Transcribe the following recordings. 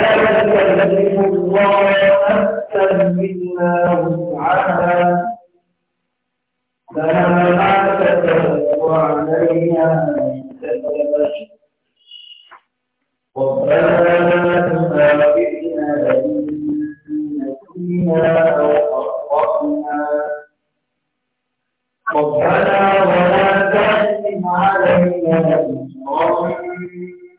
لا يكلف الله نفسا إلا وسعها لها ما كسبت وعليها ما ربنا لا تؤاخذنا إن نسينا أو أخطأنا ربنا ولا تحمل علينا إصرارا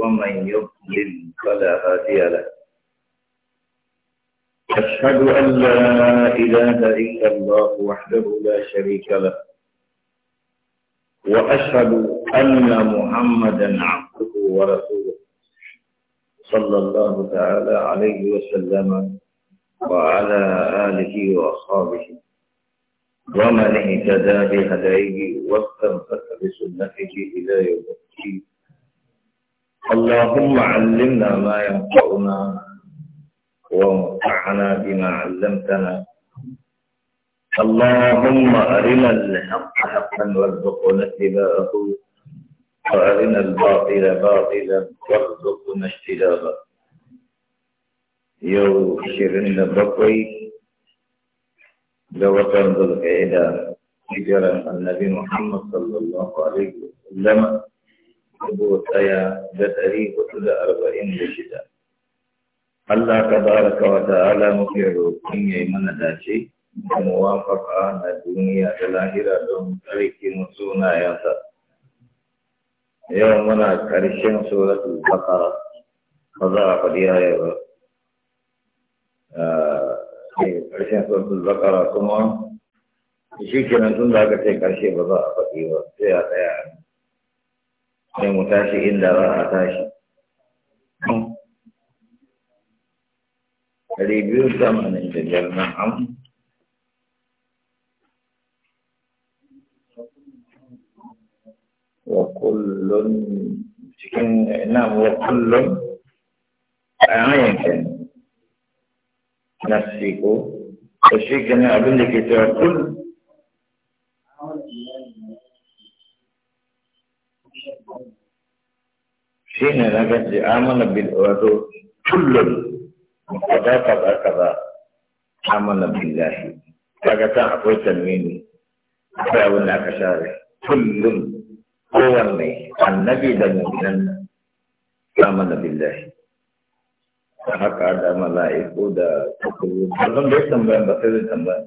ومن يضلل فلا هادي له أشهد أن لا إله إلا الله وحده لا شريك له وأشهد أن محمدا عبده ورسوله صلى الله تعالى عليه وسلم وعلى آله وأصحابه ومن اهتدى بهديه واستنفذ بسنته إلى يوم الدين اللهم علمنا ما ينفعنا وانفعنا بما علمتنا اللهم أرنا الحق حقا وارزقنا اتباعه وأرنا الباطل باطلا وارزقنا اجتنابه يو شرن بقي لوطن ذو القعدة النبي محمد صلى الله عليه وسلم dubu ɗaya da ɗari hudu da arba'in da shida. Allah ka baraka wa ta'ala muke roƙon ya yi mana dace da muwafaka na duniya da lahira don tsarkin sunayensa. Yau muna ƙarshen suratul Baqara ba za a faɗi yaya ba. Ah, ƙarshen suratul Baqara kuma shi kenan tun da aka ce ƙarshe ba za a faɗi ba sai a tsaya sai mu tashi inda za a tashi ɗari biyu zamanin da biyar nan an wa kullun cikin ina wa kullun a yankin nasiku ko shi abin da ke cewa kullum shi ne na gaji amana bil wato kullum kaza kaza kaza amana billahi kaga kan akwai tanwini akwai abin da aka share kullum kowanne annabi da mu'minan amana billahi haka da mala'iku da tukuru kullum zan bai tambayan ba sai zai tambayan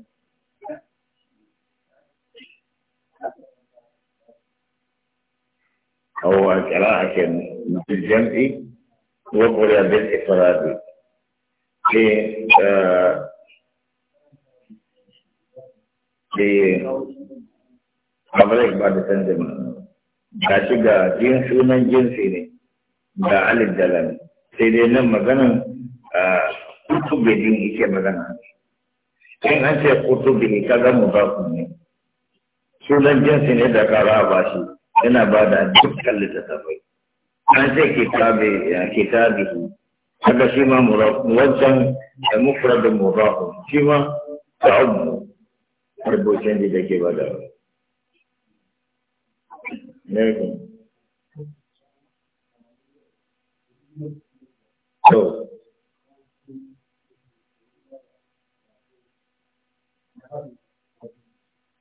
هو قراءة بالجمع وقرأ بالإفراد في في قبلك بعد تنزم gashi ga jin sunan jinsi ne ga alif da sai dai nan maganan kutubin yake magana in an ce kutubin kaga mu ba ne sunan jinsi ne da kara ba yana ba da dukkan littattafai an ce kitabihi haka shi ma muwazan da mufradin mudafun shi ma ta'ammu rubucin da ke ba da American. So,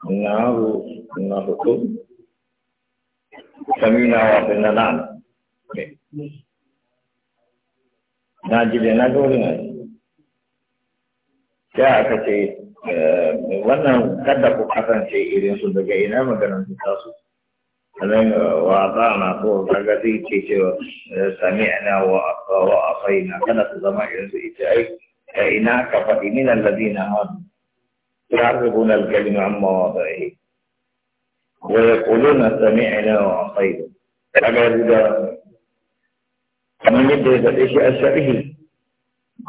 Allahu, سمينا وعطينا نعم na لنا قولنا sai aka ce eh, wannan kada ku kasance irin su daga ina maganar su tasu sannan eh, wa za na so kaga zai ce cewa eh, sami ana wa a afai na kada su zama irin su ita ai ina ka faɗi min allazi na hadu ya rubu na alkalima amma wa ba'i ويقولون سمعنا وعصينا عباد الله ومن يدري فتيش أسره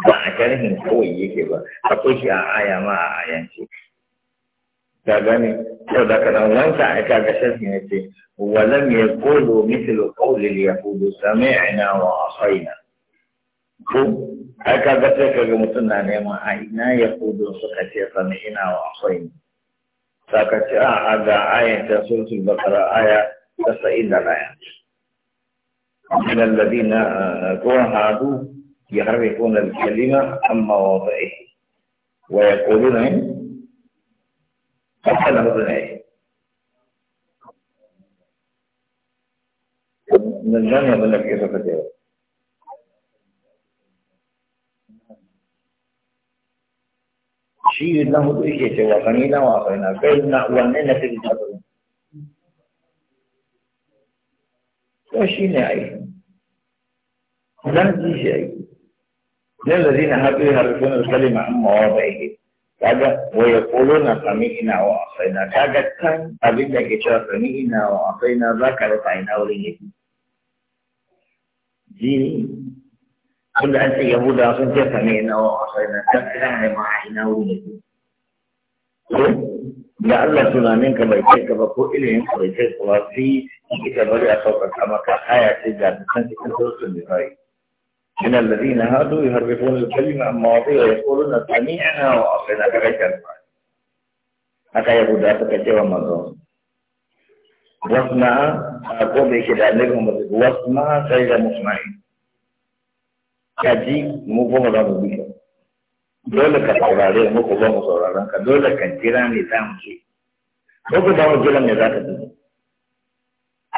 فأكره قوي كبا فتيش آية ما آية كابني صدق الله تعالى كابشته نتي ولم يقولوا مثل قول اليهود سمعنا وعصينا هكذا تكلم سنة لما عينا يقولوا سكتي سمعنا وعصينا za ka ci a ah, aga ah, ayin ta sosul bakara aya ta sa'in da raya. Lallabi na tuwon eh, hadu ya harbe kuna da kalima amma wa sa'i. Wa ya kori na yin? na mutu na yi. Nan zan yi abin da ke sa ta jewa. shi na hudu yake cewa kan na wasan na kai na wanne na fi da su ko shi ne ai nan ji shi ai dan lazina haɗu harfin kalima amma wa bai kaga wa yaquluna sami'na wa asaina kaga kan abin da ke cewa sami'na wa za zaka rufa ina wurin yake jini كل انت يهودا عشان تفهمي انه عشان تفهم معنا ونجي يا الله سنا منك ما يتك بكو إلين ويتك وفي كتاب لي أصوك الحمكة حياة جاد كنت كنت رسل بهاي من الذين هادوا يهربون الكلمة عن مواضيع ويقولون سمعنا وعصينا كريكا نفعل حتى يهودا تكتب مظلوم وصنا أقول بكذا نجم وصنا سيدة مسمعين ka ji mu kuma za mu bi dole ka saurare mu ko ba mu sauraron ka dole ka jira ne za mu ce ko b'a da mu jira ne za ka ji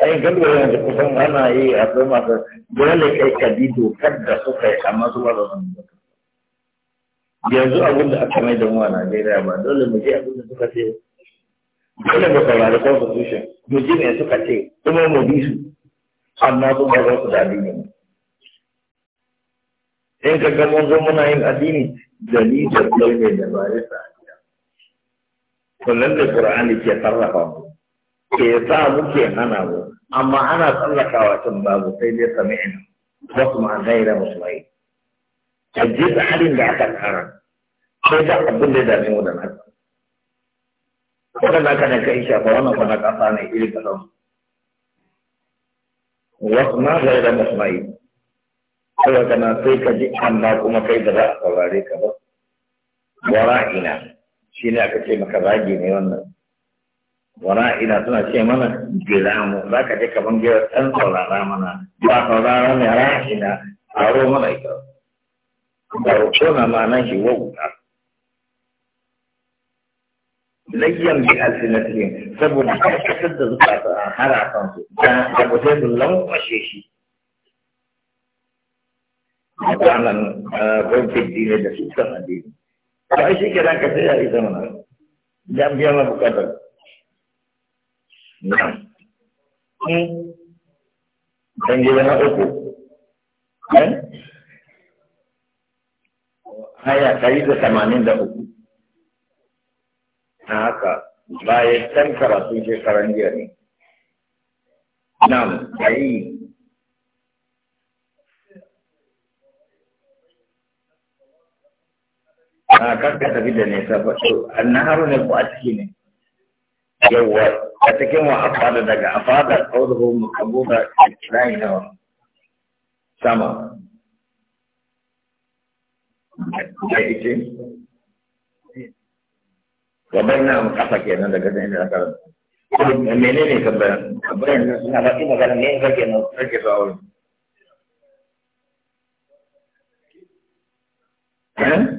ai gaba yanzu kusan ana yi a kai masu dole kai ka bi dokar da suka yi amma su ba za su bi yanzu abin da aka mai da mu a Najeriya ba dole mu je abin da suka ce dole mu saurari constitution mu ji me suka ce kuma mu bi su amma su ba za su da dadi ne In ka ga mun zo muna yin addini dalilin launi da ba ya sa to lalle qur'ani ke sarrafa mu ke sa muke hana mu amma ana tsallakawa tun babu sai dai sami'in wasu ma gaira musulmai a jisa halin da aka tsara sai da abin da ya dame mu da nasa waɗanda aka da kai shafa wannan kwana ƙasa ne irin kasan wasu ma gaira musulmai ka kana sai ka ji amma kuma kai da za a saurare ka ba ina shi ne aka ce maka zagi ne wannan ina suna ce mana mu za ka je kaman gira ɗan saurara mana ba saurara ne ra'ina aro mana ita da na ma nan shi wauta layyan bi alfinatihim saboda kasar da ta a harafansu su da abu sai su lankwashe shi mutanen rufin eh, da sukan addini ba shi ke ranka sai ya isa mana ya biya ma bukatar na na uku eh? da tamanin da uku na haka bayan can karatun jiya yi a karka tafi da nesa ba to annaharu ne ko a ciki ne yawwa a cikin wa afada daga afada qawluhu maqbuda ilahi hawa sama da ite wa bayna kafa kenan daga nan da karan menene kabban ka nan Na ba ina ganin ne kake nan kake zuwa wurin eh?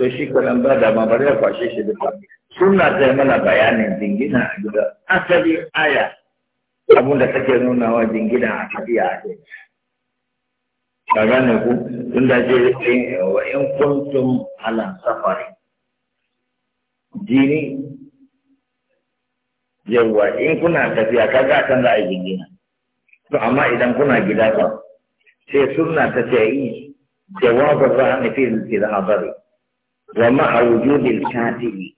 to shi kunan ba da ma bari ya kwashe shi duka suna ta mana bayanin jingina a gida asali aya abun da take nuna wa jingina a tafiya a kai ka gane ku tun da ce wa in kuntum ala safari jini yawwa in kuna tafiya kaga kan za a jingina to amma idan kuna gida ba sai sunna ta ce yi jawabin ra'ani fi al-hadari wa ma'a wujudil katibi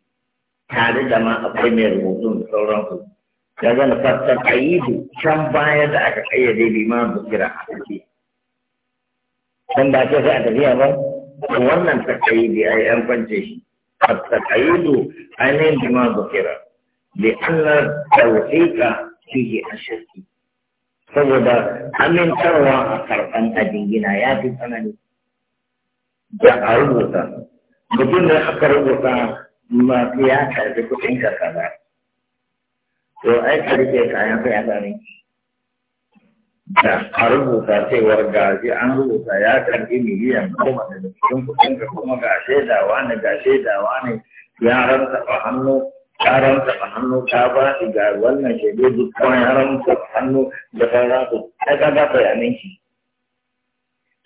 tare da ma akwai mai rubutun sauransu ya zana fasar ayyudu can baya da aka kayyade liman bukira a kake can ba ce sai a tafiya ba wannan da a yi an kwance shi التقييد عن da ذكر لأن التوثيق a shirki? saboda amintarwa a karɓan a jingina ya fi tsanani da a rubuta mutum da aka rubuta ma ya karbi kudin ka kaza to ai ka rike kayan sai a sami da a rubuta cewar gaji an rubuta ya karbi miliyan goma da cikin kudin ka kuma ga shaidawa ne ga shaidawa ne ya rantsa hannu ya rantsa hannu ta ba shi ga wannan shaidu duk kuma ya rantsa hannu da sauransu ai ka ga bayanan shi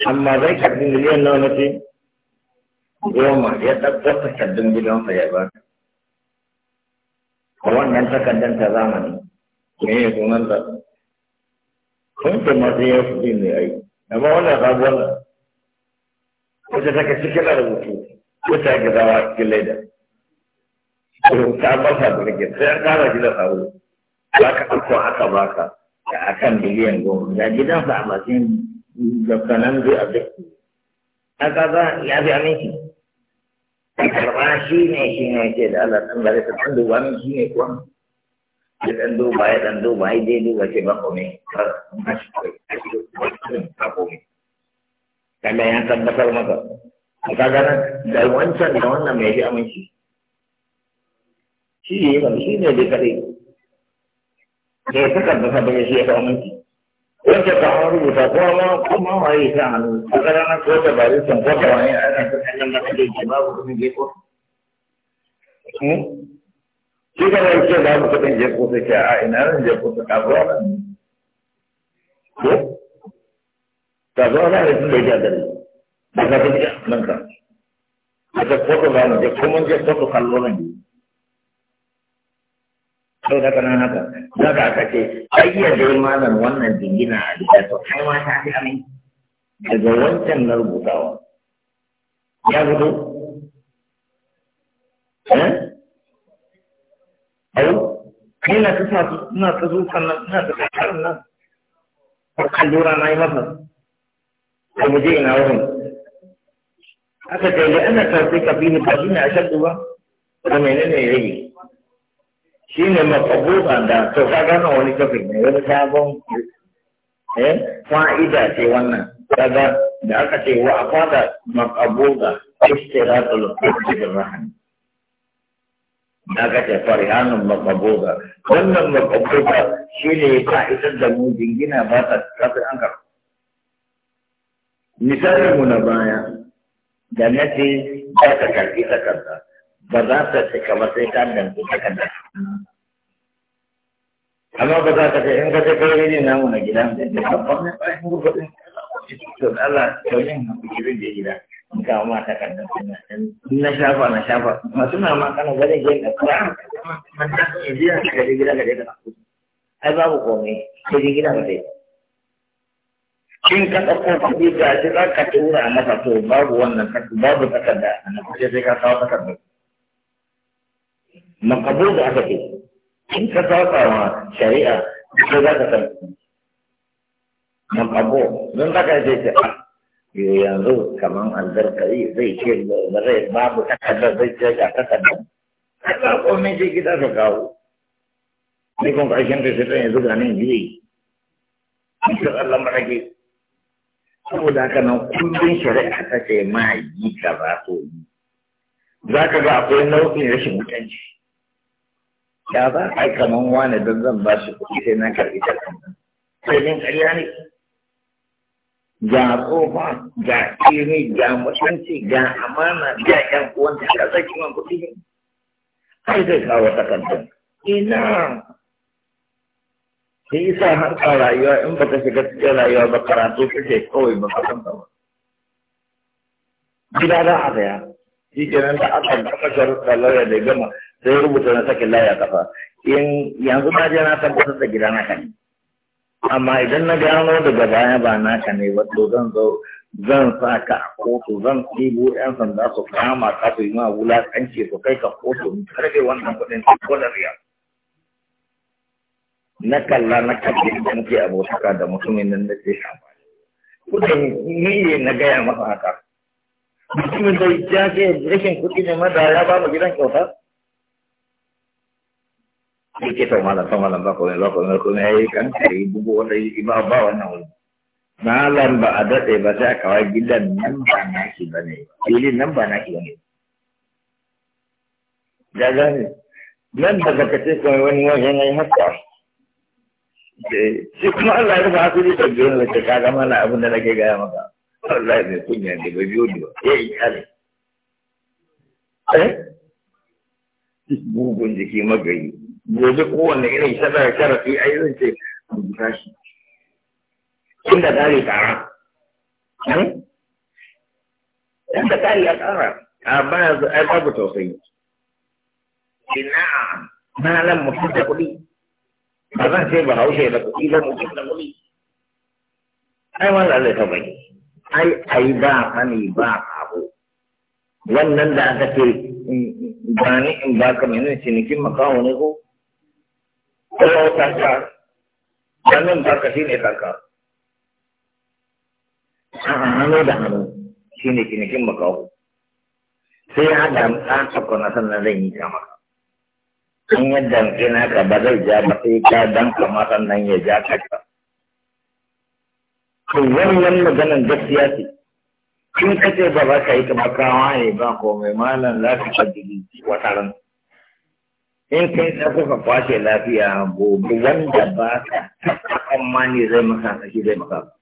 amma zai karbi miliyan nawa na ce goma ya ɗaɗɗar takardun gidansa ya ba a wannan takardun ta zamani me ya sunan da kun ce masu ya su din ne ai amma wannan sabuwar wacce take cikin rubutu wacce ake zawa cikin leda ta ba sa birgin sai an ƙara gida sabo za ka ɗauko aka baka da akan miliyan goma Ya gidansa a matsayin da kanan zai a duk haka za ya fi aminci karɓa shi ne shi ne ke da Allah ɗan gare ta ɗan duba min shi ne kuwa ya ɗan duba ya ɗan duba ya dai duba ce ba kome har na shi kawai ba kome kaga ya tabbatar maka ka gana da wancan da wannan mai fi aminci shi ne shi ne dai kaɗai da ya takardar sa bai shi ya fi aminci wacce ta rubuta ko ma ko ma waye ta hannu a ƙananan ko ta bari sun ko ta waye ta da kake ke babu ko shi ka wai ce babu kuɗin je ko sai a ina ran je ko ta ko ya ba ka fi nan ka a ta ko ta ba ko mun je ko ta sau da kanan haka za ka aka ce ayyade malam wannan jingina a gida to kai ma ta fi amin daga wancan na rubutawa ya fito eh? au kai na kasa na ta zuwa sannan suna ta kasarin nan farkon lura na yi masa ka mu je ina wurin aka ce da ana tafi kafin ba shi ne a shaɗu ba da menene ya yi? shi ne makabuban da to ka gano wani kafin ne wani sabon eh, eh fa'ida ce wannan kaga da aka ce wa afada makabuba istiratul qadr rahan da aka ce farihanun makabuba wannan makabuba shi ne ya ta isar da mu jingina ba ta kafin an karɓa misalin mu na baya da na ce ba ta karɓi karɓa. ba za ta cika ba sai ta dangu takarda amma ba za ka ce in ka ce kai ne namu na gida da babban ne ba in gudu din to Allah kauyin hakurin da gida in ka ma takarda in na shafa na shafa masu na ma kana gane gani da kuma man da ke biya ka je gida ka je ka ai babu komai sai je gida ka je kin ka ɗauko kuɗi ga shi za ka tura masa to babu wannan babu takarda a nan sai ka kawo takarda makabul da aka ce in ka saba wa shari'a sai za ka san makabo don za ka ce ce a yanzu kaman albarkari zai ce ba zai babu takardar zai ce ga takardar har ba komai sai gida ka kawo ni kun ƙarshen da sai yanzu ga nan biyu in ka Allah marake saboda haka nan kullum shari'a ta ce ma yi kaza to za ka ga akwai nau'in rashin mutunci ya za a yi kaman wani don zan ba shi kuɗi sai na karɓi ta sai din ƙarya ne ga tsofa ga ilimi ga mutunci ga amana ga ƴan uwanta ka zaki man kuɗi ne ai zai kawo takardun ina sai isa har ka rayuwa in ba ta shiga cikin rayuwa ba karatu kake kawai ba ka san ba gida za a saya shi kenan da aka gama sharuɗa lauya da gama sai rubuta na sakin laya kafa in yanzu na je na tabbatar da gidana kan amma idan na gano daga baya ba naka ne wato zan zo zan sa ka a kotu zan ɗibo yan sanda su kama ka su yi ma wulaƙanci su kai ka kotu karfe wannan kuɗin ko da riyal na kalla na kalli da muke abotaka da mutumin nan da ke shafa kudin ni ne na gaya masa haka mutumin da ya ce rashin kuɗi ne ma da ya ba mu gidan kyauta sai ke tau malam tau malam ba ko ba ko ko ne ai kan sai bugu wanda yi ba ba wannan wani malam ba a dade ba sai aka gidan nan ba na shi bane filin nan ba na shi bane ya gane nan daga kace ko wani wani yayi hatta shi kuma Allah ya ba su da tabbiyar da ka kaga mana abin da nake gaya maka wallahi mai kunya ne ba biyo ne ba yayi kare eh mugun jiki magayi gobe kowanne irin shaɗar sharafi a yi zance a rubuta shi inda tsari tsara inda hmm? tsari a tsara a baya ai babu tausayi ina malam mutum da kuɗi ba zan ce ba haushe da kuɗi ba mutum da kuɗi ai wannan zai taɓa ne ai ai ba sani ba abu wannan da aka ce ba ni in ba baka menene cinikin makawo ne ko ko tanka hannun tanka shi ne tanka hannu da hannu shi ne cinikin makaho sai ya da ɗan tabbana sannan zan yi kama in ya damke naka ba zai ja ba sai ka dan kama sannan ya ja kaka to wannan maganan gaskiya ce in ka ce ba za ka yi ta makawa ne ba komai malam za ka kaddili wata ranar in kai na kuka kwashe lafiya gobe wanda ba ka tsammani zai maka saki zai maka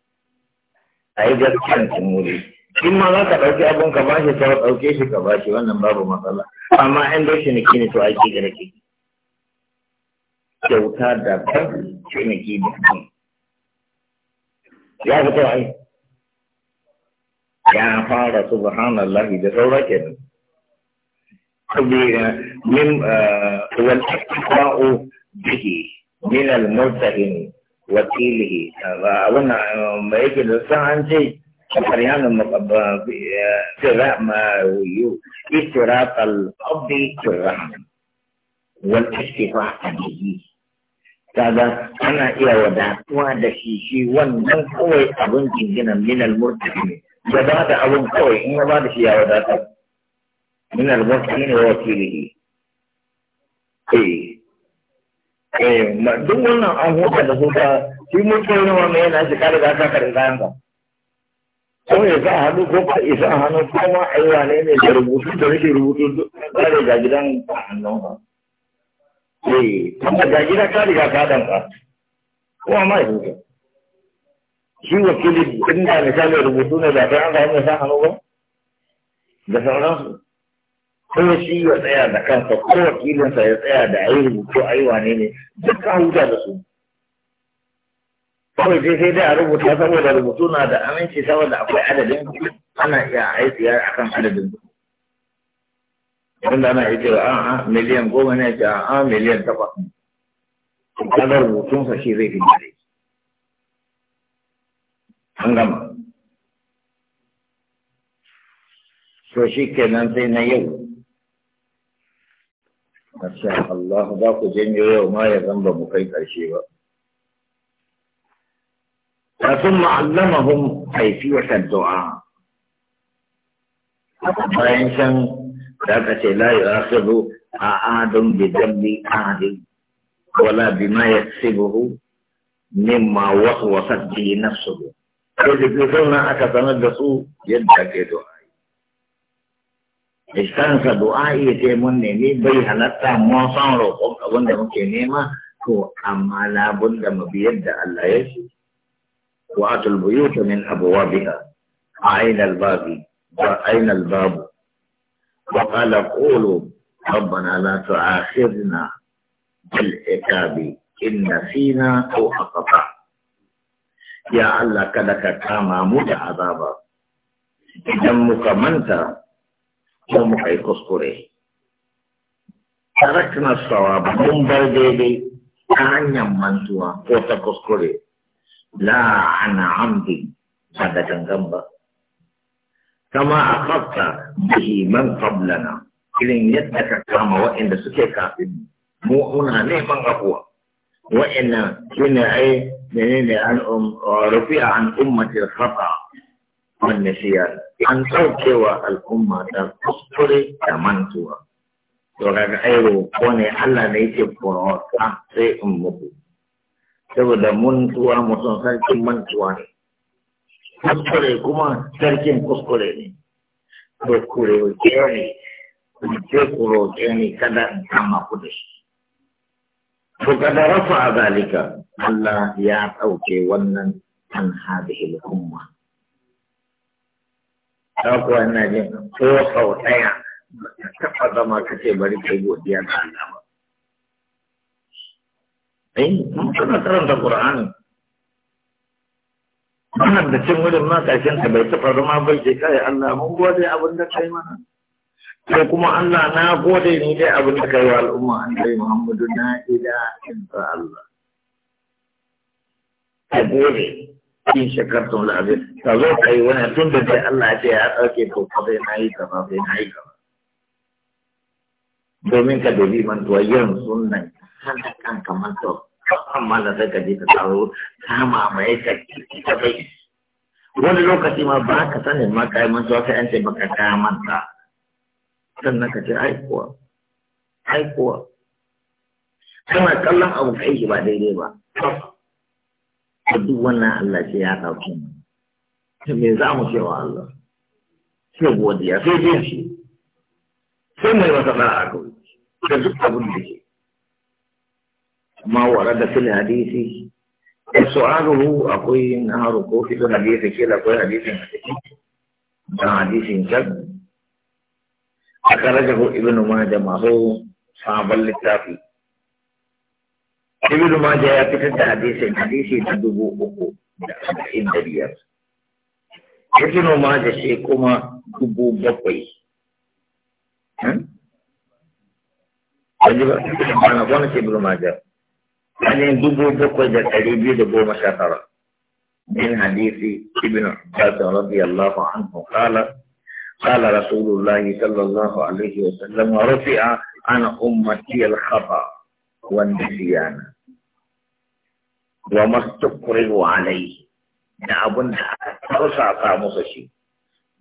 a yi gaskiyar wuri in ma za ka ɗauki abin ka shi ta ɗauke shi ka shi wannan babu matsala amma in dai niki ne to a ke gare ki kyauta da ban ciniki da ya fi ai ya fara subhanallah da saura kenan من آه، والاقتفاء به من المرتهن وكيله آه، وانا ما يجي للساعة عندي فريان سراء ما يو اشتراط الأرض كرام والاشتفاع به هذا أنا إلى وداع وعد شي شي وان من قوي أبن جنجنا من المرتهن جدا هذا أبن قوي إنه ما يا وداع من الوكيل ووكيله eh eh duk a an da huta shi mutum ne wanda yana shi kare da aka karin kayan ko ya sa hannu ko ka isa hannu ko ma aiwa ne ne da rubutu da rashin rubutu duk kare ga ka ko shi wakili inda misali rubutu ne da ta an ga sa hannu ba da sauransu ko shi ya tsaya da kansa ko wakilinsa ya tsaya da ayi rubutu ayi wane ne duk ka huta da su kawai sai sai dai a rubuta saboda rubutu na da aminci saboda akwai adadin ana iya a akan adadin kuɗi wanda ana iya cewa a'a miliyan goma ne ce a'a miliyan takwas kaga rubutunsa shi zai fi dare an gama to shi kenan sai na yau Masha Allah za ku janyo yau ma ya zamba mu kai ƙarshe ba. Kafin ma'allamahun haifiyar du'a. Bayan can da ka ce la yi asibu a adon bi dambi adi wala bi ma ya sibuhu mimma wasu wasa ji nafsu. Sai da aka sanar da su yadda ke du'a. kansa du'a'i sai mun nemi bai halatta mu san roƙon abin da muke nema to amma labun da mu biyar da Allah ya ce wa atul buyuta min abwabiha aina al-babi wa aina al-babu wa qala qulu rabbana la tu'akhidna bil iqabi in nasina aw aqta ya Allah kada ka kama mu da azaba idan muka manta sai muka kuskure tarakna sawaba mun bar daidai ta hanyar mantuwa ko ta kuskure la ana amdi ba da gangan kama a kafta bihi man qablana irin yadda ka kama waɗanda suke kafin mu muna neman abuwa waɗannan shine ai menene an um, rufi'a an ummatil kuskure da mantuwa. To الأمة ai تمنتوا ne Allah ne yake نيتي sai in أمه saboda mantuwa mutum sarkin mantuwa ne kuskure kuma sarkin kuskure ne to kure roƙe ne kuke ku roƙe ne kada in kama ku da shi to kada rafa a zalika Allah ya ɗauke wannan an hadihil umma ta ku ina jin ko sau ɗaya taɓa zama ka ce bari kai godiya ga Allah ba. Ai, eh, mun kana karanta Qur'ani. Wannan da cin wurin ma ƙarshen ta bai taɓa zama bai ce kai Allah mun gode abin da kai mana. Ko kuma Allah na gode ni dai abin da kai wa al'umma an kai Muhammadu na ila in Allah. Ka gode. in shakartum la abin ka zo yi wani tun da dai Allah ya ce ya dauke to ka sai na yi kaza sai na yi kaza domin ka dubi mantuwa yin sunan kana kan kamar to amma da sai ka je ka tsaro ta mamaye ka ka bai wani lokaci ma ba ka sanin ma ka yi mantuwa sai an ce baka ka manta sannan ka ce ai kuwa ai kuwa kana kallon abu kai ba daidai ba a duk wannan Allah ce ya ɗauki mu to me za mu cewa Allah sai godiya sai jin shi sai mai masa da'a kawai da duk abin da ke ma da fil hadisi su'aluhu akwai haru ko fito hadisi da akwai hadisin a cikin da hadisin kan أخرجه ابن ibnu majah mahu sabal littafi. ابن ماجه يا كتاب حديث حديث تدبو أكو إن دليل ابن ماجه شيكما دبو بقوي أنا وانا ابن ماجه يعني دبو بقوي ده قريبي دبو مشاطرة من حديث ابن عباس رضي الله عنه قال قال رسول الله صلى الله عليه وسلم رفع عن أمتي الخطأ والنسيان wa mastukrihu alaihi da abun da aka tausasa musu shi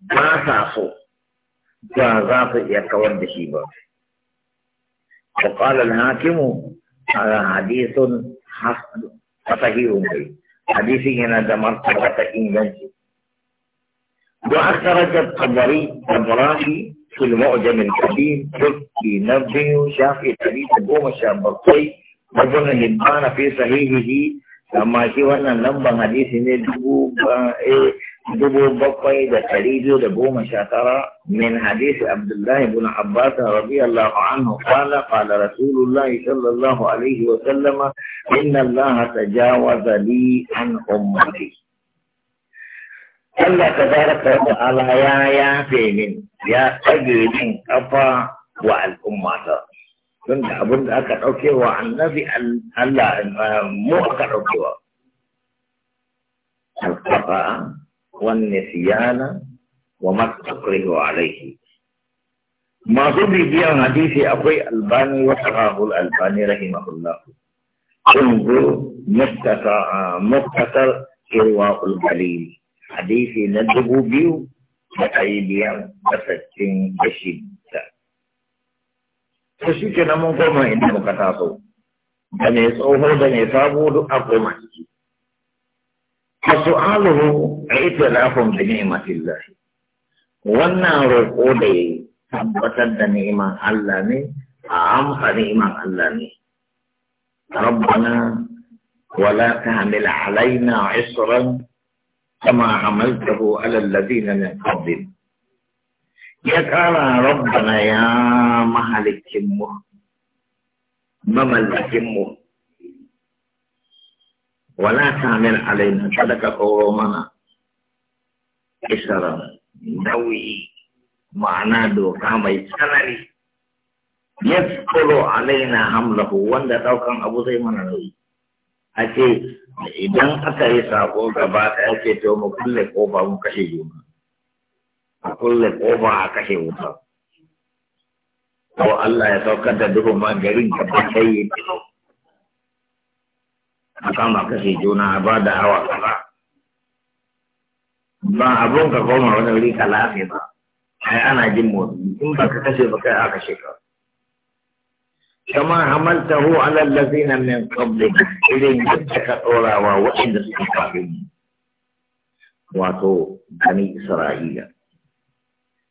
ba sa so ba za su وقال الحاكم هذا حديث حسن صحيح حديث هنا ده مرتبة إنجاز وأخرج الطبري الطبراني في المعجم الكبير تركي نبي شافي حديث قوم الشابقي وابن هبان في صحيحه amma shi wannan lamban hadisi ne eh, dubu bakwai da ɗari biyu da goma sha tara min hadisi abdullahi bin abbas radiyallahu anhu qala qala rasulullahi sallallahu alaihi wa sallama inna allah tajawaza li an ummati Allah tabaraka wa ta'ala ya yafe min ya tsage min kafa wa al'ummata don da abin da aka ɗaukewa annabi Allah mu aka ɗaukewa alƙafa wanne siyana wa matakrihu alaihi masu bibiyan hadisi akwai albani wa sahahul albani rahimahullah unzur muktasar irwa ulgalil hadisi na dubu biyu da ɗari biyar da sassin da to shi ke nan mun koma inda muka taso da mai tsoho da mai sabo duk a koma ciki a su'aluhu a ita lafin da ne lahi wannan roƙo da ya tabbatar da neman Allah ne a amsa neman Allah ne rabbana ولا تحمل a عسرا kama hamaltahu على الذين min قبل ya kara rabbana ya mahalikinmu mamallakinmu wala tamir alaina kada ka koro mana isara nauyi ma'ana doka mai tsanani ya tsoro alaina hamlahu wanda daukan abu zai mana nauyi a ce idan aka yi sako gaba ɗaya ce to mu kulle kofa mu kashe juna a kulle kofa a kashe wuta ko Allah ya saukar da duhu ma garin ka ba sai a kama kashe juna ba da hawa kaza ba abun ka koma wani wuri ka lafi ba ai ana jin motsi in ba ka kashe ba kai aka kashe ka كما حملته على الذين من قبلك إذن جدك أولا وإن سكتهم واتو بني إسرائيل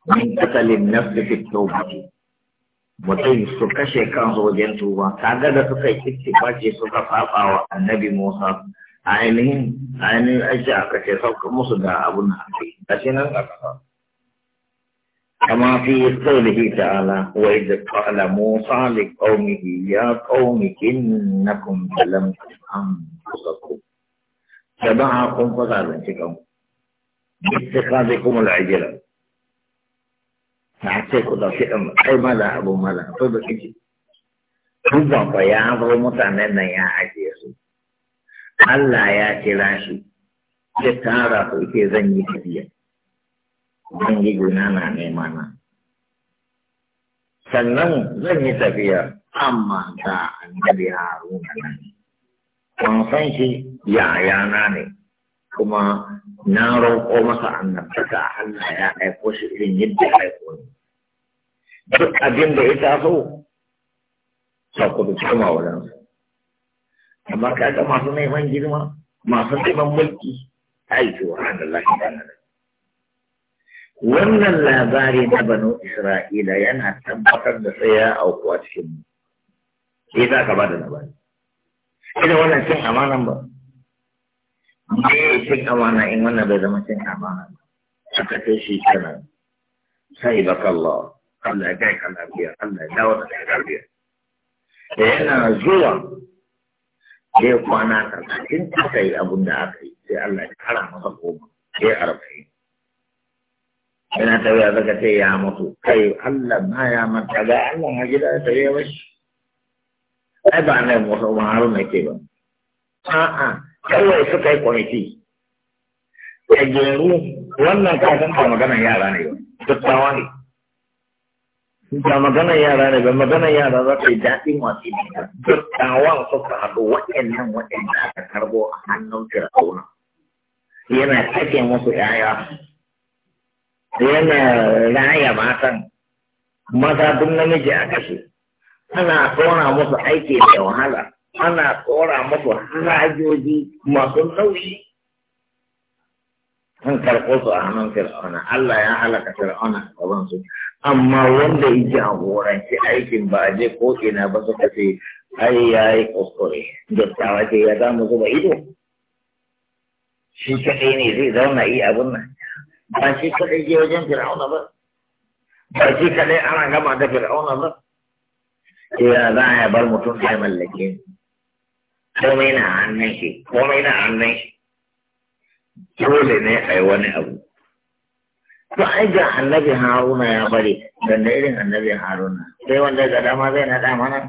من قتل النفس في التوبة مطين سكشي كان هو جنتوبة كاقا دا سكي اتفاجي سكا فافا النبي موسى عينين عينين اجا كشي سوك مصدى ابو نحفي لكن كما في قوله تعالى وإذ قال موسى لقومه يا قوم إنكم لم أنفسكم تبعكم فقال انتكم باتخاذكم العجلة ta ce ku ɗauki ɗan ai mala abu mala akwai bakin ciki duba ba ya zo mutanen nan ya ajiye su Allah ya kira shi ya tara ku ke zan yi tafiya zan yi guna na nema na sannan zan yi tafiya amma ta annabi haruna nan ban san shi yayana ne kuma na roƙo masa annabtaka a Allah ya aiko shi irin yadda ya aiko ni duk abin da ya taso ku bi cikin wajen amma ka ga masu neman girma masu neman mulki ta yi ciwo a da lafiya wannan labari na banu isra'ila yana tabbatar da sai ya auku a cikin mu sai za ka ba da labari Ina wannan cin amanan ba me cin amana in wannan bai zama cin amana aka ce shi kana. sai baka Allah Allah ya kai kan lafiya Allah ya dawo da kai lafiya da yana zuwa sai kwana talatin aka yi abin da aka yi sai Allah ya kara masa goma sai arba'in yana tafiya zaka ce ya mutu kai Allah na ya mata ga Allah ya gida ya tafiya mashi ai ba nan har haruna ke ba a'a kawai suka yi kwamiti a geru wannan kasan ba maganar yara ne ba dattawa ne ba maganar yara ne ba maganar yara za ta yi daɗin wasu ne dattawan suka haɗu waɗannan waɗanda aka karbo a hannun fir'auna yana sake musu yaya yana raya matan maza duk namiji a kashe ana tona musu aiki da wahala ana tsora musu hajoji masu nauyi an karɓo su a hannun fir'auna Allah ya halaka fir'auna a gaban su amma wanda ya jagoranci aikin ba je ko ina ba su ce ai yayi yi kuskure dattawa ce ya zama zuba ido shi kaɗai ne zai zauna yi abun nan ba shi kaɗai je wajen fir'auna ba ba shi kaɗai ana gama da fir'auna ba ya za a bar mutum ya mallake komai na hannun shi na hannun shi dole ne a yi wani abu to ai ga annabi haruna ya bari ganda irin annabi haruna sai wanda ga dama zai naɗa mana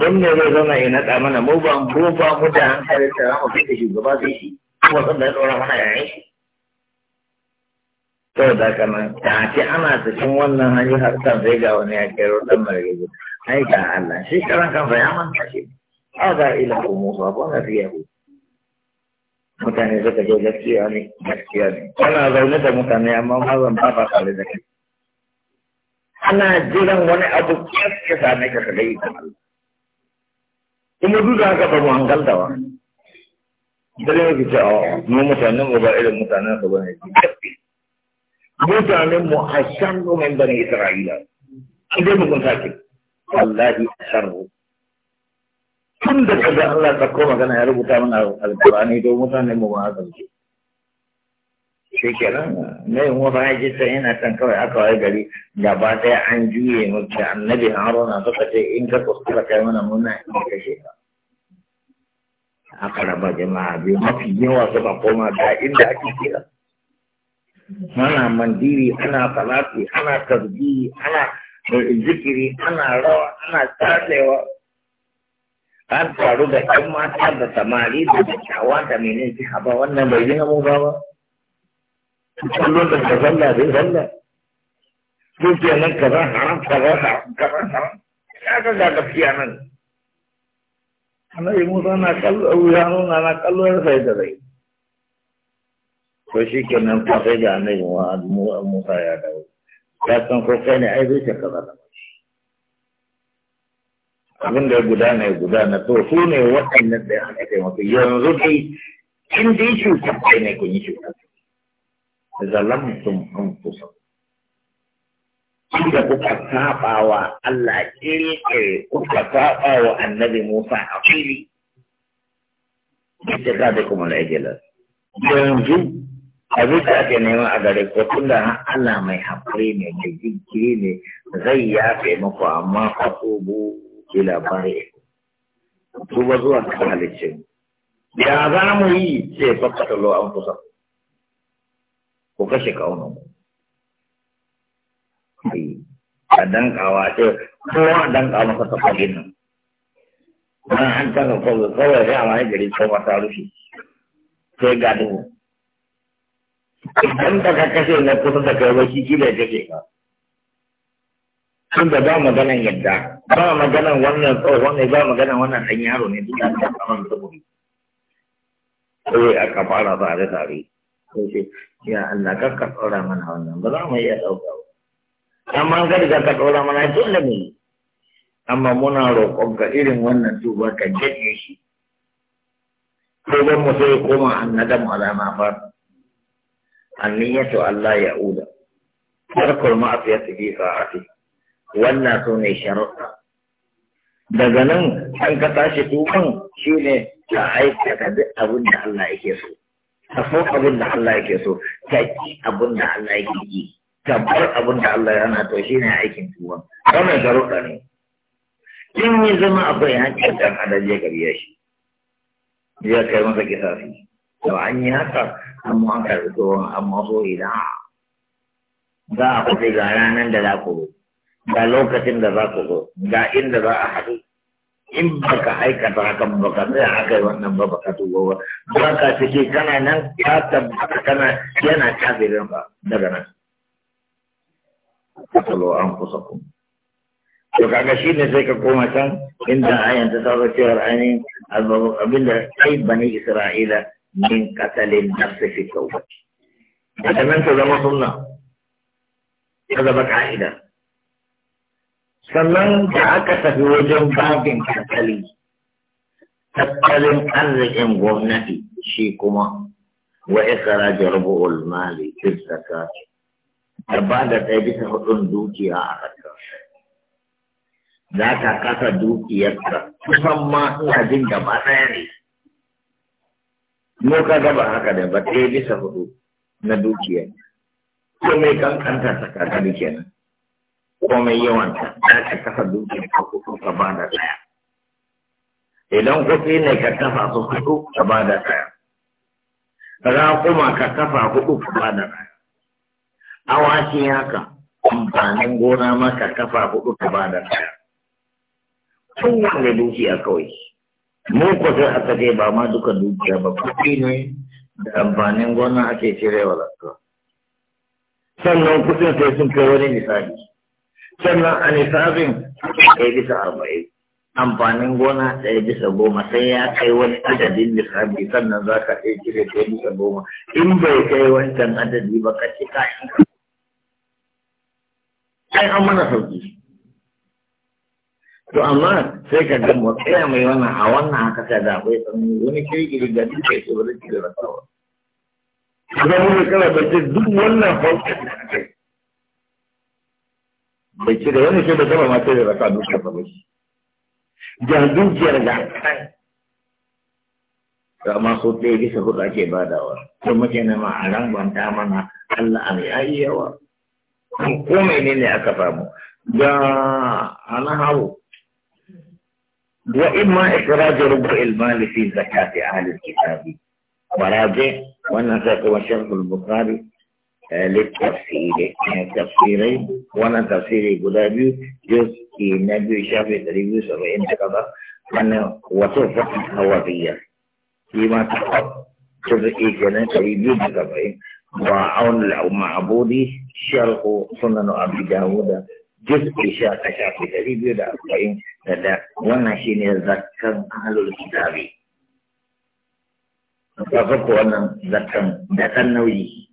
don ne zai zama ya naɗa mana mu ba mu ba mu da hankali da za mu fita shugaba sai shi kuma da ya ɗora mana yayin shi to da kana ta ce ana cikin wannan hanyar har kan sai ga wani ya kero dan marigidi ai ga Allah shi karan kansa ya manta shi aga ila Musa ba na riya mutane suka je gaskiya ne gaskiya ne ana zaune da mutane amma mazan ba ba tare da kai ana jiran wani abu ya same ka ka dai ga Allah kuma duk da haka ba mu hankalta ba dare ne mu mutanen mu ba mutanen su bane mutanen mu hashan mu Isra'ila wallahi sharru tun da kaga Allah ta koma magana ya rubuta mana alqur'ani to mutane mu ba haka shi kenan mu ba wata ji sai yana san kawai aka waye gari gaba sai an juye ta annabi haruna suka ce in ka kuskura kai mana muna in kashe ka aka ba jama'a biyu mafi yawa ba koma da inda ake kira mana mandiri ana salati ana tasbihi ana zikiri ana rawa ana tsarewa an taru da ɗan mata da samari da dattawa da mene ji haba wannan bai yi namu ba ba da zalla zai zalla ko ke nan ka zan haram ka zan haram ka zan haram ya ka ga nan annabi musa na kallo ya nuna na kallo ya sai da zai to shi kenan fa sai da annabi musa ya dawo ya san ko kai ne ai zuciya ka zama abin da ya gudana ya gudana to su ne waɗannan da ya kai maka yanzu dai in dai cuta kai ne kun yi cuta zalamtum anfusakum inda kuka saba wa Allah kirkire kuka saba wa annabi Musa a fili. Ita ka da kuma na yanzu abin da ake nema a gare ko tunda Allah mai haƙuri ne mai jinkiri ne zai yafe mako, amma fa tubu ila Su tuba zuwa ga halicci ya za mu yi ce fa lo an kusa ko kashe kauna. mu a dankawa ce kowa a danka masa tafagin nan an an taka kawai kawai ya ma gari kawai ta rufe sai ga dubu idan da ka kashe na kusa da kai ba shi kila ya kashe ka tunda ba maganan yadda ba maganan wannan tsohon ne ba maganan wannan ɗan yaro ne duk da ta kama da saboda sai aka fara tare tare sai ce ya Allah kar ka tsora mana wannan ba za mu iya ɗauka ba amma ka riga ka tsora mana dole ne amma muna roƙon ka irin wannan tuba ka janye shi ko ban mu sai koma annadamu alama fara Allah ألا يعود ترك المعصية في طاعته wannan su ne sharuɗa daga nan an ka tashi tukan shi ne ta aikata duk abin da Allah yake so ta so abin da Allah yake so ta ki abin da Allah yake ki ta bar abin da Allah ya hana to shi ne aikin tuwan wannan sharuɗa ne in yi zama akwai hankin ɗan adam ya kariya shi ya kai masa kisafi to an yi haka amma an karɓi tsohon amma so idan za a kuɗi ga ranar da za ku zo ga lokacin da za ku zo ga inda za a haɗu in baka aikata hakan baka tsaya aka yi wannan ba baka tuba ba ba ka cike kana nan ka tabbata kana yana kafirin ba daga nan kasalo an kusa kuma. to kaga shi ne sai ka koma can inda ayan ta sauran cewar ainihin abinda kai bani isra'ila min katalin nafsi fi tawbati da nan ta zama sunna ta zama ka'ida sannan da aka tafi wajen babin tattali tattalin arzikin gwamnati shi kuma wa ikhraj rubu'ul mali fi zakat da ba da ɗaya bisa hudun dukiya a ƙasar za ka kasa dukiyarka kusan ma ina jin gaba ɗaya ne mu ka gaba haka da ba ɗaya bisa hudu na dukiya ko mai kankanta ta kaka da kenan ko mai yawan ta ka kafa dukiya ko kuɗin ka ba da ɗaya idan kuɗi ne ka kafa su hudu ka ba da ɗaya kuma ka kafa hudu ka ba da ɗaya awaki haka amfanin gona ma ka kafa hudu ka ba da ɗaya kowane dukiya kawai mu ko sai aka je ba ma duka dukiya ba kuɗi ne da amfanin gona ake cire wa zakka sannan kuɗin sai sun kai wani misali sannan a nisabin ɗaya bisa arba'in amfanin gona ɗaya bisa goma sai ya kai wani adadin misali sannan za ka iya cire ɗaya bisa goma in bai kai wancan adadi ba ka ci ka ai an mana sauki to amma sai ka ga mu tsaya mai wannan a wannan haka ka da akwai tsanani wani kirkiri ga duka ya ce ba zai da rasawa kuma mun kala ba ce duk wannan hauka da kai bai ce da wani ce da sama ma sai da raka duka ba ba shi ga dukiyar ga kan amma so ɗaya bisa hudu ake badawa to muke nema a rangwanta mana Allah a mai ayyawa ko menene aka famu da ana hawo وإما إخراج ربع المال في زكاة أهل الكتاب وراجع ونسق وشرح البخاري آه، للتفسير يعني تفسيرين وانا تفسيري قدابي جزء نبي شافي تريبيو سبعين كذا وانا وصفة الحوافية فيما تحب جزء كنا تريد سبعين وعون المعبودي شرح سنن أبي داود jizbi sha ta shafi ɗari biyu da arba'in da da wannan shi ne zakan ahalul kitabi ta farko wannan zakan da kan nauyi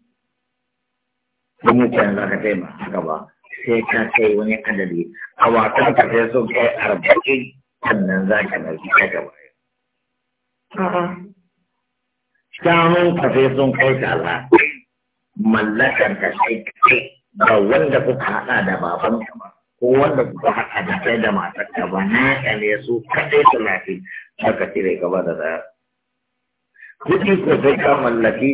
kuma can za ka taima haka ba sai ka kai wani adadi a wasan ka sai sun kai arba'in sannan za ka nauyi ta gaba shanun ka sai sun kai kaza mallakar ka sai kai ba wanda kuka haɗa da baban ba ko wanda kuka haɗa da kai da matar ka ba na ne su kaɗai su lafi haka cire gaba da ɗaya kuɗi ko sai ka mallaki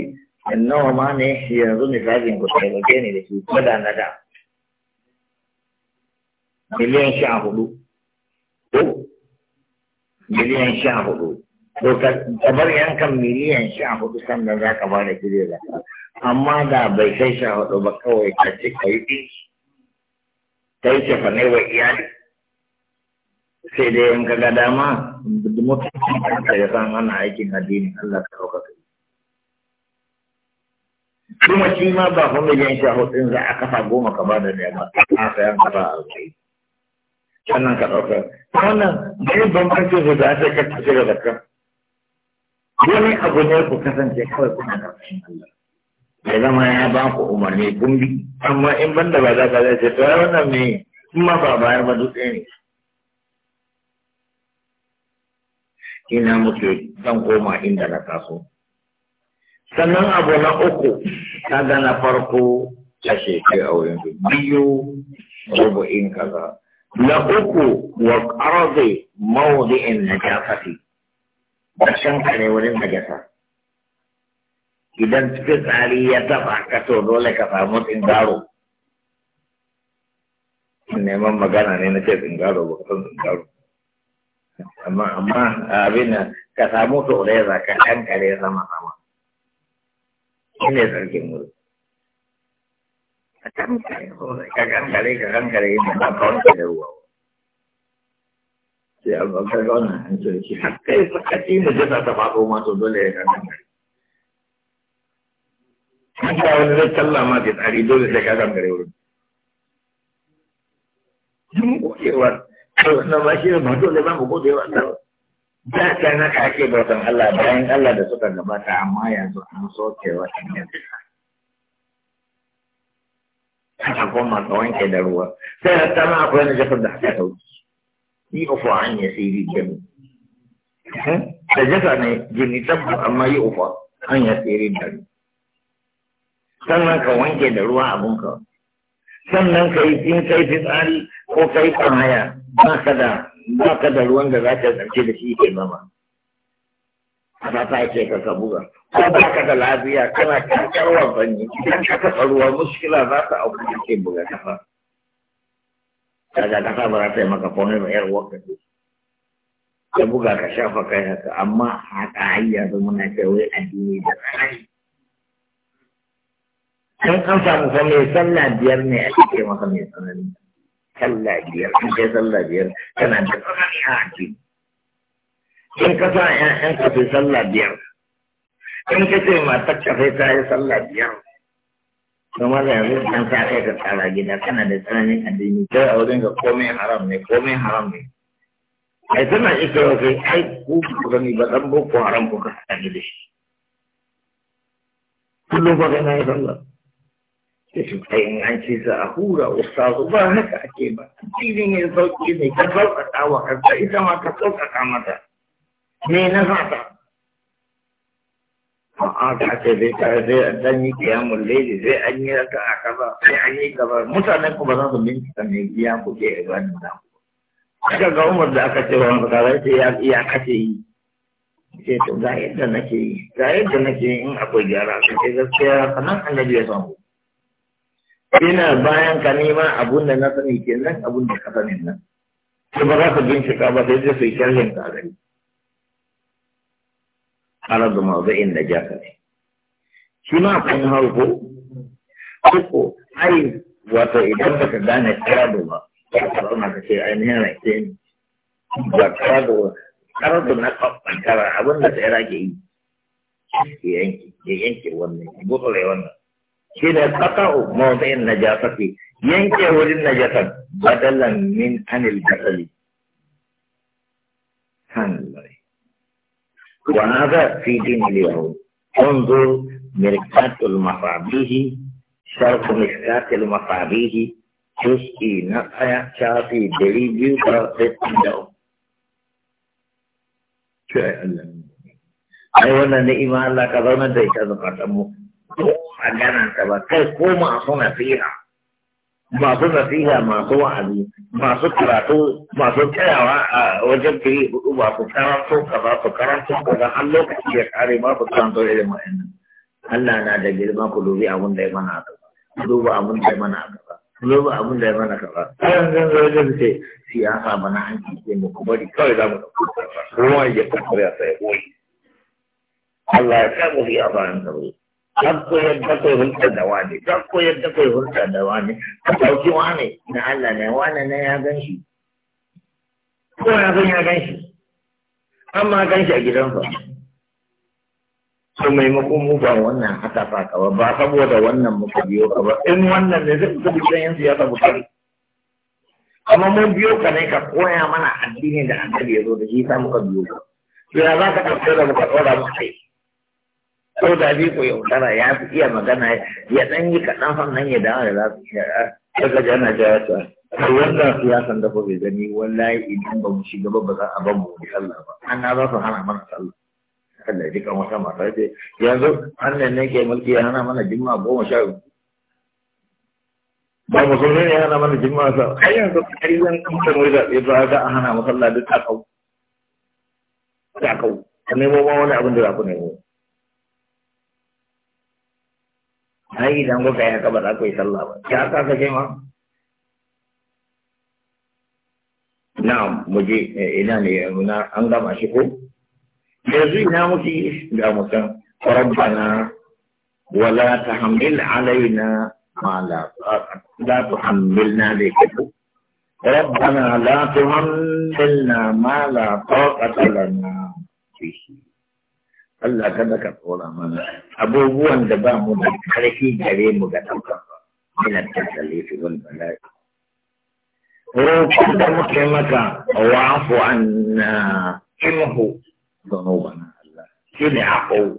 nawa ma ne yanzu misalin ku taimake ni da shi kwada na da miliyan sha hudu ko miliyan sha hudu to ka bar yankan miliyan sha hudu sannan za ka bada kire da amma da bai kai sha hudu ba kawai ka ce ka yi ɗinki ka yi cefanai wa iyali sai dai in ka ga dama mutuncin kanka ya san ana aikin addini Allah ka ɗauka kai kuma shi ma ba fa miliyan sha hudu za a kafa goma ka bada da yamma a sayan kafa a kai sannan ka ɗauka wannan bai bambancin su da ake kakkace da zakka wani abu ne ku kasance kawai kuna karfin Allah ya zama ya ba ku umarni kun bi amma in banda ba za ka zai ce to ya wannan me in ma ba bayar ba dutse ne ina muke zan koma inda na taso sannan abu na uku ga na farko ta kai a wurin biyu rubu'in kaza na uku wa ƙarfe mawudi'in najasati ƙarshen ka ne wurin najasa idan cikin tsari ya taba ka to dole ka samu tsingaro neman magana ne na ce tsingaro ba san tsingaro amma amma abin ka samu tsoreza ka ɗan kare sama sama shi ne sarkin wuri ka kankare ka kankare ka kankare yadda ba ka wanke da sai a ga kaga wannan an ce har kai sakaci ne jasa ta faɗo ma to dole ya ga nan ga wani zai talla ma da tsari dole sai ka gangare wurin mun koyewa to wannan ba shi ne ba dole ba mu koyewa Allah da ta na kake bautan Allah bayan Allah da suka gabata amma yanzu an soke wa inda ta koma ka wanke da ruwa sai ta ma akwai na jafar da haka ta wuce yi ufa an ya ke jami eh, da jasa ne jini tabbu amma yi ufa an ya siri jami sannan ka wanke da ruwa ka sannan ka yi in kai fitsari ko kai kwaya ba ka da ba ka da ruwan da za ka zance da shi ke zama ba ta ce ka ka buga ko ba ka da lafiya kana kankarwa banyi idan ka taɓa ruwa muskila za ta auku da ke buga kafa kaga kasa ba za ta yi maka komai ba yar uwarka ce buga ka shafa kai haka amma haka har yanzu muna ce wai addini da tsanani kan an samu fa mai sallah biyar ne ake ce masa mai tsanani sallah biyar in kai sallah biyar tana da tsanani a addini in ka sa ƴaƴanka sai sallah biyar in ka ce matar ka sai ta yi sallah biyar kuma da yanzu an sa kai ka tsara gida kana da tsananin addini kai a wajen ka komai haram ne komai haram ne ai tana ita yau kai ai ku ku gani ba dan boko haram ku ka sani da shi kullum ba kai na yi sallah sai su kai in an ce sa a hura ustazu ba haka ake ba addini ne sauki ne ka sauƙaƙa wa kanka ita ma ka sauƙaƙa mata me na fata a'a ka ce zai kare sai an dan yi kiyamun laili sai an yi raka a kaza sai an yi kaza mutanen ku ba za su bincika mai biya ku ke ibadin da ku aka ga umar da aka ce wa wanda kaza sai ya iya kace yi sai to ga yadda nake yi ga yadda nake yi in akwai gyara sai sai gaskiya sanan annabi ya samu ina bayan ka nema abun da na sani kenan abun da ka sani nan sai ba za su bincika ba sai dai su yi sharhin ka gani arad mawdu'in najasati shi ma kun hauko ko ai wato idan baka gane arad ba ka ma ka ce ainihin rake ba arad arad na kankara abin da tsira ke yi ya yanke ya yanke wannan ya gutsure wannan shi ne kaka'u mawdu'in najasati yanke wurin najasar badalan min anil basali kan lai وهذا في دين اليهود انظر مركات المصابيح شرط مركات المصابيح تشكي نقايا شافي دليبيو كتندو شاء الله ai wannan ni'ima Allah ka zauna da ita zukatanmu ko a كوما ba فيها masu nasiha masu wa'azi masu karatu masu tayawa a wajen da yi ba su karanto ka ba su karanto ka ba har lokaci ya kare ba su karanto irin wa'annan Allah na da girma ku dubi abin da ya mana a gaba ku duba abin da ya mana a gaba duba abin da ya mana a gaba kayan zan zo wajen ce siyasa bana an kike mu ku bari kawai za mu ɗauki ruwan ya kakkarya sai koyi Allah ya kai mu siyasa an karo kar yadda kai hulɗa da wani kar yadda kai hulɗa da wani ka ɗauki wani na Allah ne wani ne ya gan shi ko ya gan ya gan shi ma gan shi a gidansa Sun maimakon mu ba wannan haka fa ka ba ba saboda wannan muka biyo ka ba in wannan ne zai kusa gidan yan siyasa sabu kari. amma mun biyo ka ne ka koya mana addini da annabi ya zo da shi sa muka biyo ka ya za ka ɗauke da muka ɗora mu kai ko da bi ko tara ya fi iya magana ya dan yi kaɗan hannun ya dawo da zasu daga jana jaya ta wannan siyasan da bai gani wallahi idan ba mu shiga ba za a ba mu Allah ba an na za su hana mana sallah Allah ya dika wata mata ce yanzu hannun ne ke mulki ya hana mana jimma goma sha biyu. ba musulmi ne hana mana jimma sa ai yanzu kai zan kamar wai da ba za a hana mu sallah duk ta kau ta kau ka nemo ma wani abin da za ku nemo ai idan kuka yi haka ba za ku yi sallah ba ya haka ka ce ma na muje ina ne na an gama shi ko yanzu ina muke ga mutum rabbana wala tahmil alaina ما لا لا تحملنا به ربنا لا تحملنا ما لا طاقة لنا به Allah kada ka tsora mana abubuwan da ba mu da karfi gare mu ga ɗaukar ba ina tattale fi wal bala'i roƙon da muke maka wafu anna imhu zanubana Allah shi ne haƙo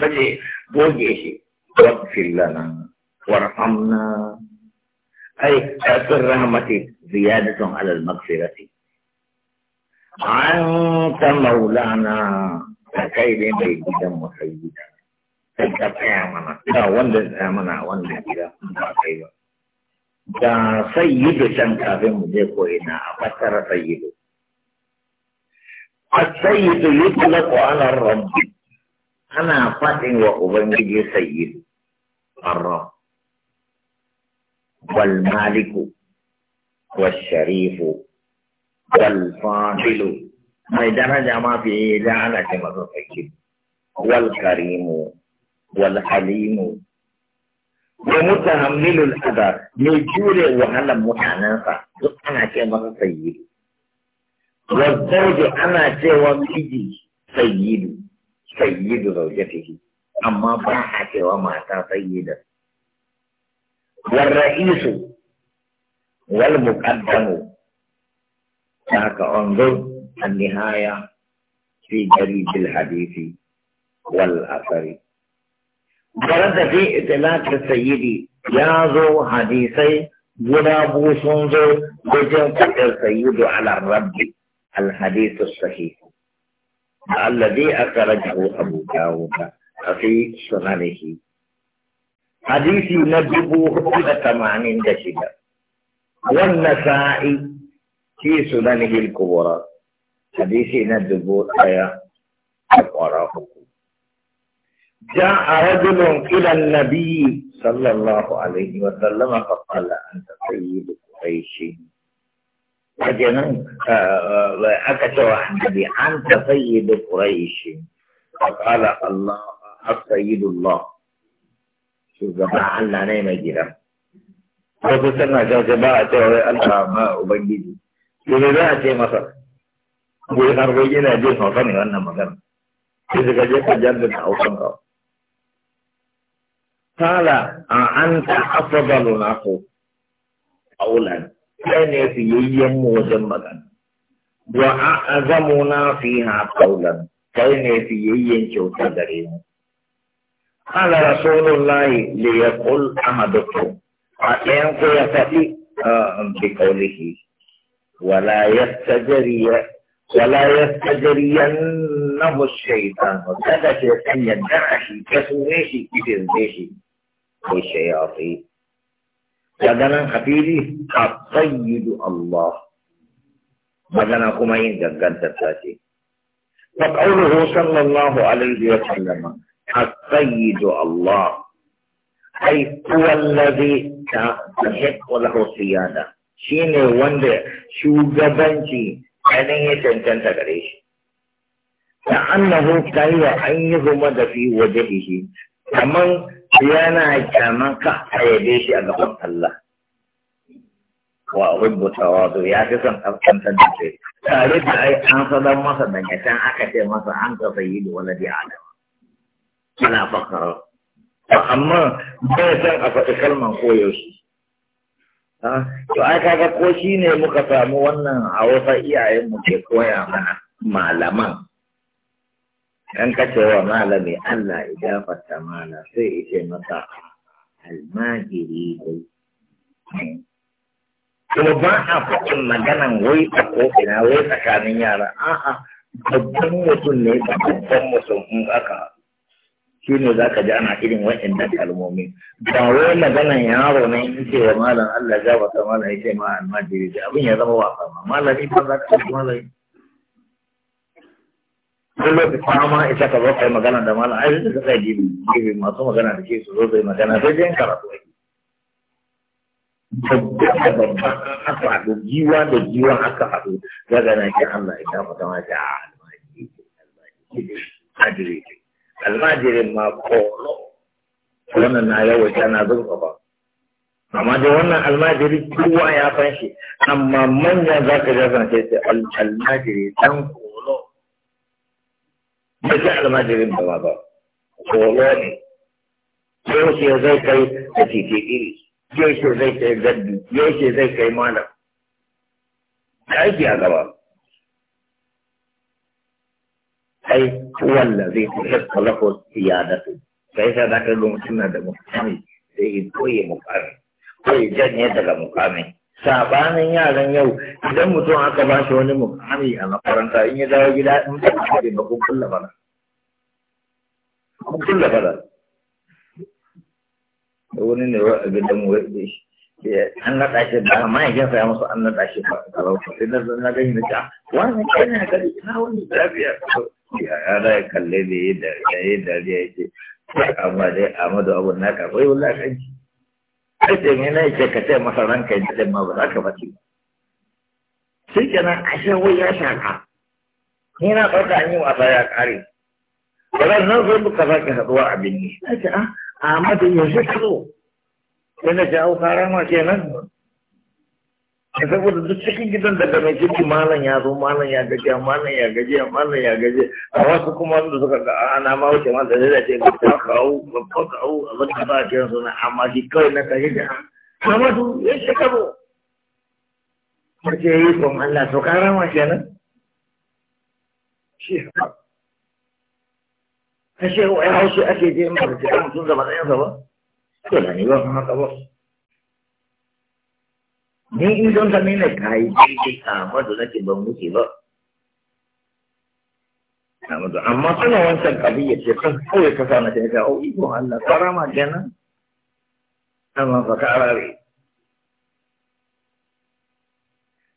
baje goge shi waghfir lana warhamna ai asir rahmati ziyadatun ala al-maghfirati anta maulana da kai ne mai gidan mu kai gida sai ka tsaya mana da wanda tsaya mana a wannan gida ba kai ba da sayyidu can kafin mu je ko ina a fassara sayyidu السيد يطلق على الرب أنا فاتن وأبنجي سيد الرب والمالك والشريف والفاضل mai daraja ma fiye da ana ce masa sarki wal karimu wal halimu wa mutahammilul adha mai jure wahalar mutanensa duk ana ce masa sayyidu wa zauji ana cewa miji sayyidu sayyidu zaujatihi amma ba a cewa mata sayyida wal ra'isu wal muqaddamu ta ka ongo النهاية في جريد الحديث والأثر ورد في إطلاق سيدي يازو حديثي جنابو سنزو وجن قدر سيد على الرب الحديث الصحيح الذي أخرجه أبو داود في سننه حديث نجبه إلى ثمانين دشدة والنسائي في سننه الكبرى حديثي na آية ɗaya جاء رجل إلى النبي صلى الله عليه وسلم فقال أنت سيد قريش وجنا آه، آه، أكتب النبي أنت سيد قريش فقال الله السيد الله شو جماعة الله نعم جرام فقلت أنا جماعة الله ما أبنجي لماذا أتي مصر wai har wai yana je sauka ne wannan magana sai suka je ka jar da ta haukan ka kala a an ta afdalu naqu aulan sai ne su mu wajen magana wa a'zamuna fiha qawlan kai ne su yayyan kyauta gare mu قال رسول الله ليقول أحدكم أتينك يفتي بقوله ولا يستجري ولا يستجرينه الشيطان وكذا شيطان يدعشي كسوريشي كتير ديشي الشياطين جدنا خفيري الطيب الله بدنا كمين جدنا تتاتي فقوله صلى الله عليه وسلم الطيب الله أي هو الذي تحق له سيادة شيني وندي شو جبنتي ainihin cancanta gare shi da annahu wa an yi zuma da fi wajhihi kamar yana kyaman ka yabe shi a gaban Allah wa uhibbu tawadu ya fi son kankantar da ce tare da ai an sadan masa danyatan aka ce masa an ka sayi da wani da adam ana Ba amma bai san a faɗi kalman koyaushe Ah, to ai kaga ko shi ne muka samu wannan a wasa iyayen mu ke koya mana malaman an kace wa malami Allah ya gafarta mana sai ya masa almajiri dai kuma ba a faɗin maganan wai a ko'ina wai tsakanin yara a'a babban mutum ne babban mutum in aka shi ne za ka ji ana irin wa'annan kalmomi da wai maganan yaro ne in ce wa malam Allah ya gabata malam ya ce ma almajiri da abin ya zama wafa ma malami ba za ka ci malami duk lokacin ma isa ka zo kai magana da malam ai da kai gibi gibi masu magana da ke su zo zai magana sai dai karatu ake babban da babba aka haɗu jiwa da jiwa haka haɗu zaga na ke Allah ya ta ma ce a ah, almajiri almajiri almajirin ma kolo wannan na yawaita na zurfafa amma dai wannan almajiri kowa ya san shi amma manya za ka jasan san sai almajiri dan kolo ba sai almajirin ba ba kolo ne yau ce zai kai a titi iri yau ce zai kai gaddi yau ce zai kai malam da aiki a gaba kai أي هو الذي تحق له da كيف ذاك suna da mukami. sai ya koyi mukami ko koyi janye daga mukami sabanin yaran yau idan mutum aka ba shi wani mukami a makaranta in ya dawo gida in ba ka ba ko kulla bana ko kulla ba da wani ne wa gidan mu wai an naɗa shi ba ma ya musu an naɗa shi ba talauta sai na gani na ta ah, wani kai ne gari na wani lafiya ya da ya kalle da ya yi dariya ya ce amma dai amadu abu na karɓai wulakanci ai da ne na yake ka ce masa ranka ya daɗin ma ba za ka faɗi shi kenan ashe wai ya shaka ni na ɗauka an yi wasa ya ƙare wannan nan sai muka sake haɗuwa a bini. na ce a ah, amadu yaushe ka zo sai ce au karama kenan Ka saboda duk cikin gidan daga mai ciki malam ya zo malam ya gajiya malam ya gajiya malam ya gajiya a wasu kuma wanda suka ga ana ma wuce ma da zai ce ba ta kawo ba kawo a wani ba ce na amma shi kawai na kashi da Hamadu ya shekaru Mace yi kun Allah to rama ma nan shi haka ashe wai haushi ake je ma da cikin sun zama ɗayan sa ba to da ni ba kuma ka ba ni in don ka nuna kayi daidai a na ke ban muke ba amma suna wancan ya ce kan kawai kasa na ta yaka oh Allah fara ma kenan amma fa ka arare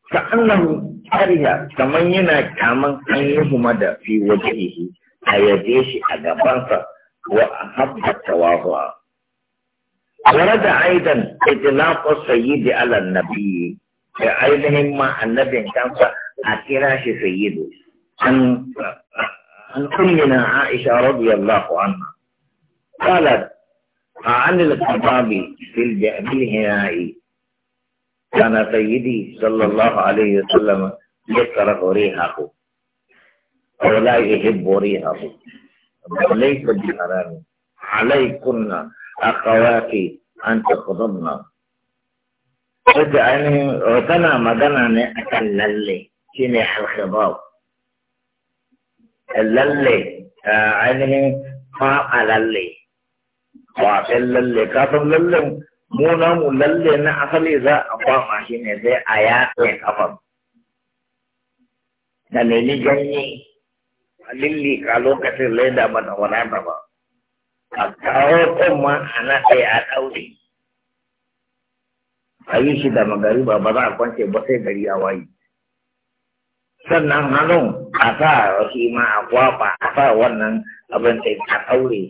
ka mu ariya kaman yana kaman an yi huma da fi wajihi a yaje shi a gabansa wa a habba tawahuwa ورد أيضا إطلاق السيد على النبي أيضا ما النبي كان أكراش سيده عن عن أمنا عائشة رضي الله عنها قالت عن الخطاب في الهناء كان سيدي صلى الله عليه وسلم يكره ريحه ولا يحب ريحه وليس بحرام عليكن أخواك أن تخضبنا قد أن غتنا مدنا نأكل للي كنيح الخضاب اللي أنه فاق للي وقال للي كاتب للي مو نام للي نأخلي ذا أفاق حين ذا آيات أفاق نليني جنني للي قالوا كتير ليدا من أولان أفاق a kawo kwan ma a naɗe a ɗaure a yi shi da magariba ba za a kwance ba sai gari a wayi sannan hannun a sa shi ma a kwafa a sa wannan abin da a ɗaure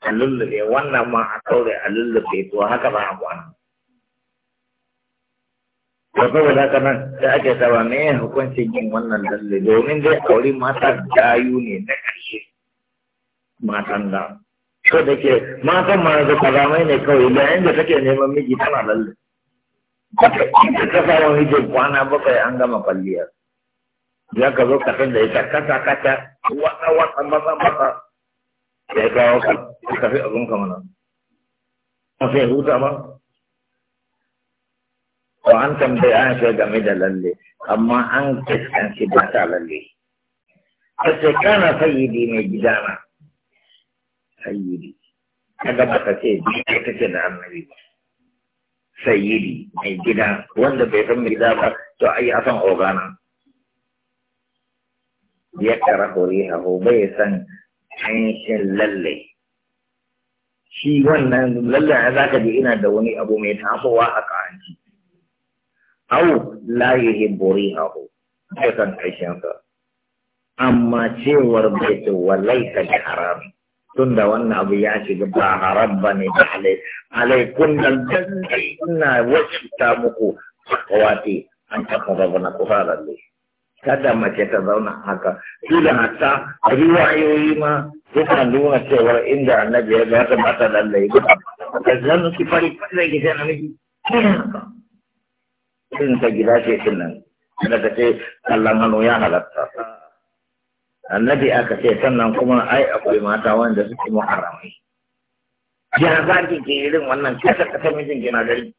a lullube wannan ma a ɗaure a lullube to haka ba a kwana to saboda haka nan da ake saba me hukuncin yin wannan lalle domin dai aure mata gayu ne na ƙarshe matan da ko da ke matan ma da karamai ne kawai da yanda take neman miji tana lalle da ka fara mijin kwana bakwai an gama kwalliyar ya ka zo ka san da ita kasa kasa wata wata maza maza ya kawo ka ka fi abin ka mana ka fi huta ma ko an tambaye an shi game da lalle amma an kiskanci ba ta lalle kace kana sayyidi mai gidana sayyidi kaga ba ce duk ta ce da annabi ba sayyidi mai gida wanda bai san gida ba to ai a san ogana ya kara horihahu bai san hanshin lalle shi wannan lalle a zaka ji ina da wani abu mai tafowa a ƙaranci au la bori rihahu bai san hanshin sa amma cewar bai ce wallahi ka ji tunda wannan abu ya shiga ba haram ba ne da alai alai kunnan dandai ina wacita muku kawati an taɓa zaba na kufarar ne kada mace ta zauna haka su da hatta riwayoyi ma suna nuna cewar inda annabi ya gata mata lallai ba da zan su fari fari da gidan namiji irin ta gida ce din nan da ta ce kallon hannu ya halatta annabi aka ce sannan kuma ai akwai mata wanda suke muharramai ya za ki ke irin wannan kasa kasa mijin ki na gari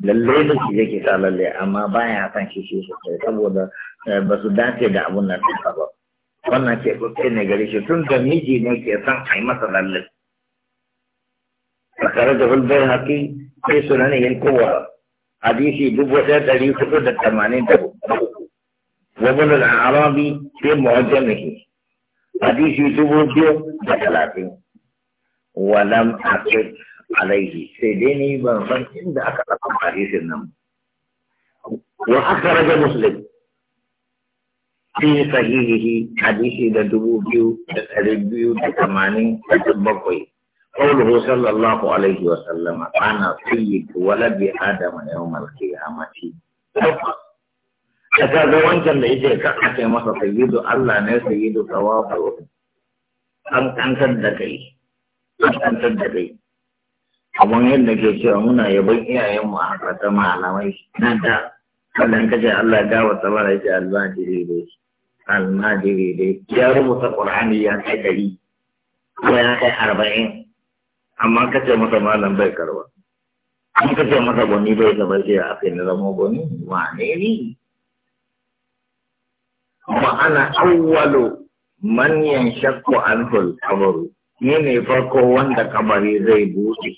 lalle da shi yake sa lalle amma baya san shi shi sosai saboda eh, ba su dace da abun nan ɗinka ba wannan ke kuke ne gari shi tun da miji ne ke san ai masa lalle fakar da bai haƙi sai sunanin yankowa hadisi dubu ɗaya dari hudu da tamanin da hudu وابن الأعرابي في معجمه حديث تبوكيو بثلاثين ولم أقف عليه سيدني بنصن عند أكثر حديث النم وأخرج مسلم في صحيحه حديث تبوكيو بثلاثين بثمانين بثمانين قوله صلى الله عليه وسلم أنا سيد ولد آدم يوم القيامة فقط ka ga wancan da yake ka ake masa sayyidu Allah ne sayyidu tawafu an kantar da kai an kantar da kai kamar yadda ke cewa muna yabon iyayenmu a haka ta malamai na da ka kace Allah wa tabara yake almajiri dai almajiri dai ya rubuta qur'ani ya kai dari ko ya kai arba'in amma kace masa malam bai karba an kace masa gwani bai gaba sai a kai na zama gwani wane ne Ma'ana awwalu man yanshaqu anhu al-qabr ni ne farko wanda kabari zai buɗe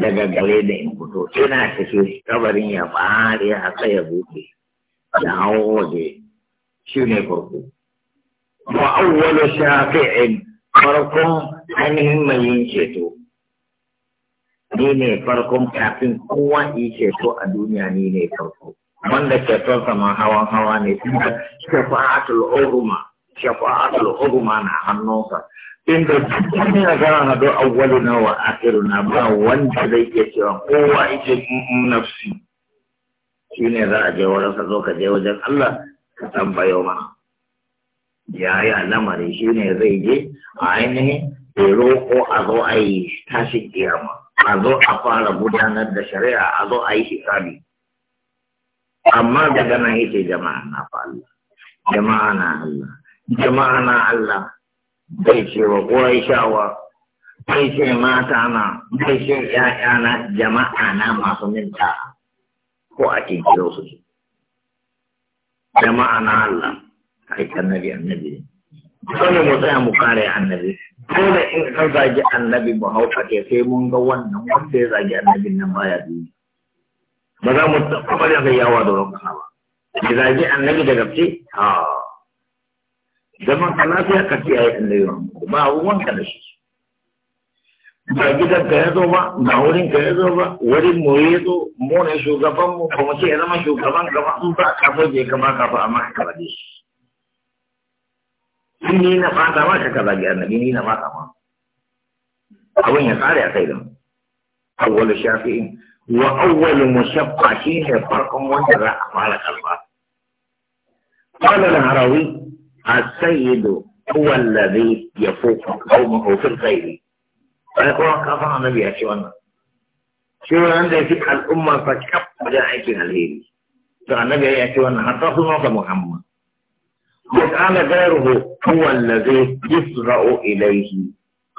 daga gare da in fito ina cike kabarin ya fare ya tsaya buɗe Ya hawo waje shi ne farko wa awwalu shafi'in farkon ainihin mai yin ceto ni ne farkon kafin kowa yi ceto a duniya ni ne farko wanda ke son ma hawan hawa ne inda shafa'atul uruma shafa'atul uruma na hannunsa inda dukkan ya gara na don awwaluna wa akhiruna ba wanda zai iya cewa kowa yake nafsi shi ne za a je wurin sa zo ka je wajen Allah ka tambayo mana ya yi lamari shi ne zai je a ainihin roƙo a zo a yi tashin kiyama a zo a fara gudanar da shari'a a zo a yi hisabi amma daga nan yake jama'a na fa Allah jama'a na Allah jama'a na Allah bai ce wa kowa shawa bai ce mata na bai ce ya'ya na jama'a na masu minta ko ake cikin kiro su jama'a na Allah ai annabi annabi dole mu tsaya mu kare annabi Ko da in ka zagi annabi mu hauka sai mun ga wannan wanda ya zagi annabin nan baya duniya ba za mu taɓa bari aka yawa da wurin kana ba da zage annabi da gaske a zaman ka a ka ce yi annabi ba abun wanka da shi ba gidan ka ya zo ba ba wurin ka ya zo ba wurin mu ya zo mu ne shugaban mu ba mu ce ya zama shugaban gaba in ba ka fage ka ba ka ba amma ka kaza shi in ni na fata ma ka kaza ga annabi ni na fata ma abin ya tsare a kai da awwal shafi'in wa awwalu mushaqqa shi ne farkon wanda za a fara karba qala al-harawi as-sayyid huwa alladhi yafuqu qawmahu fil khair sai ko kafan annabi ya ce wannan shi wannan da yake al'umma fa kaf da aikin alheri to annabi ya ce wannan har ta sunan sa muhammad وقال غيره هو الذي يسرع إليه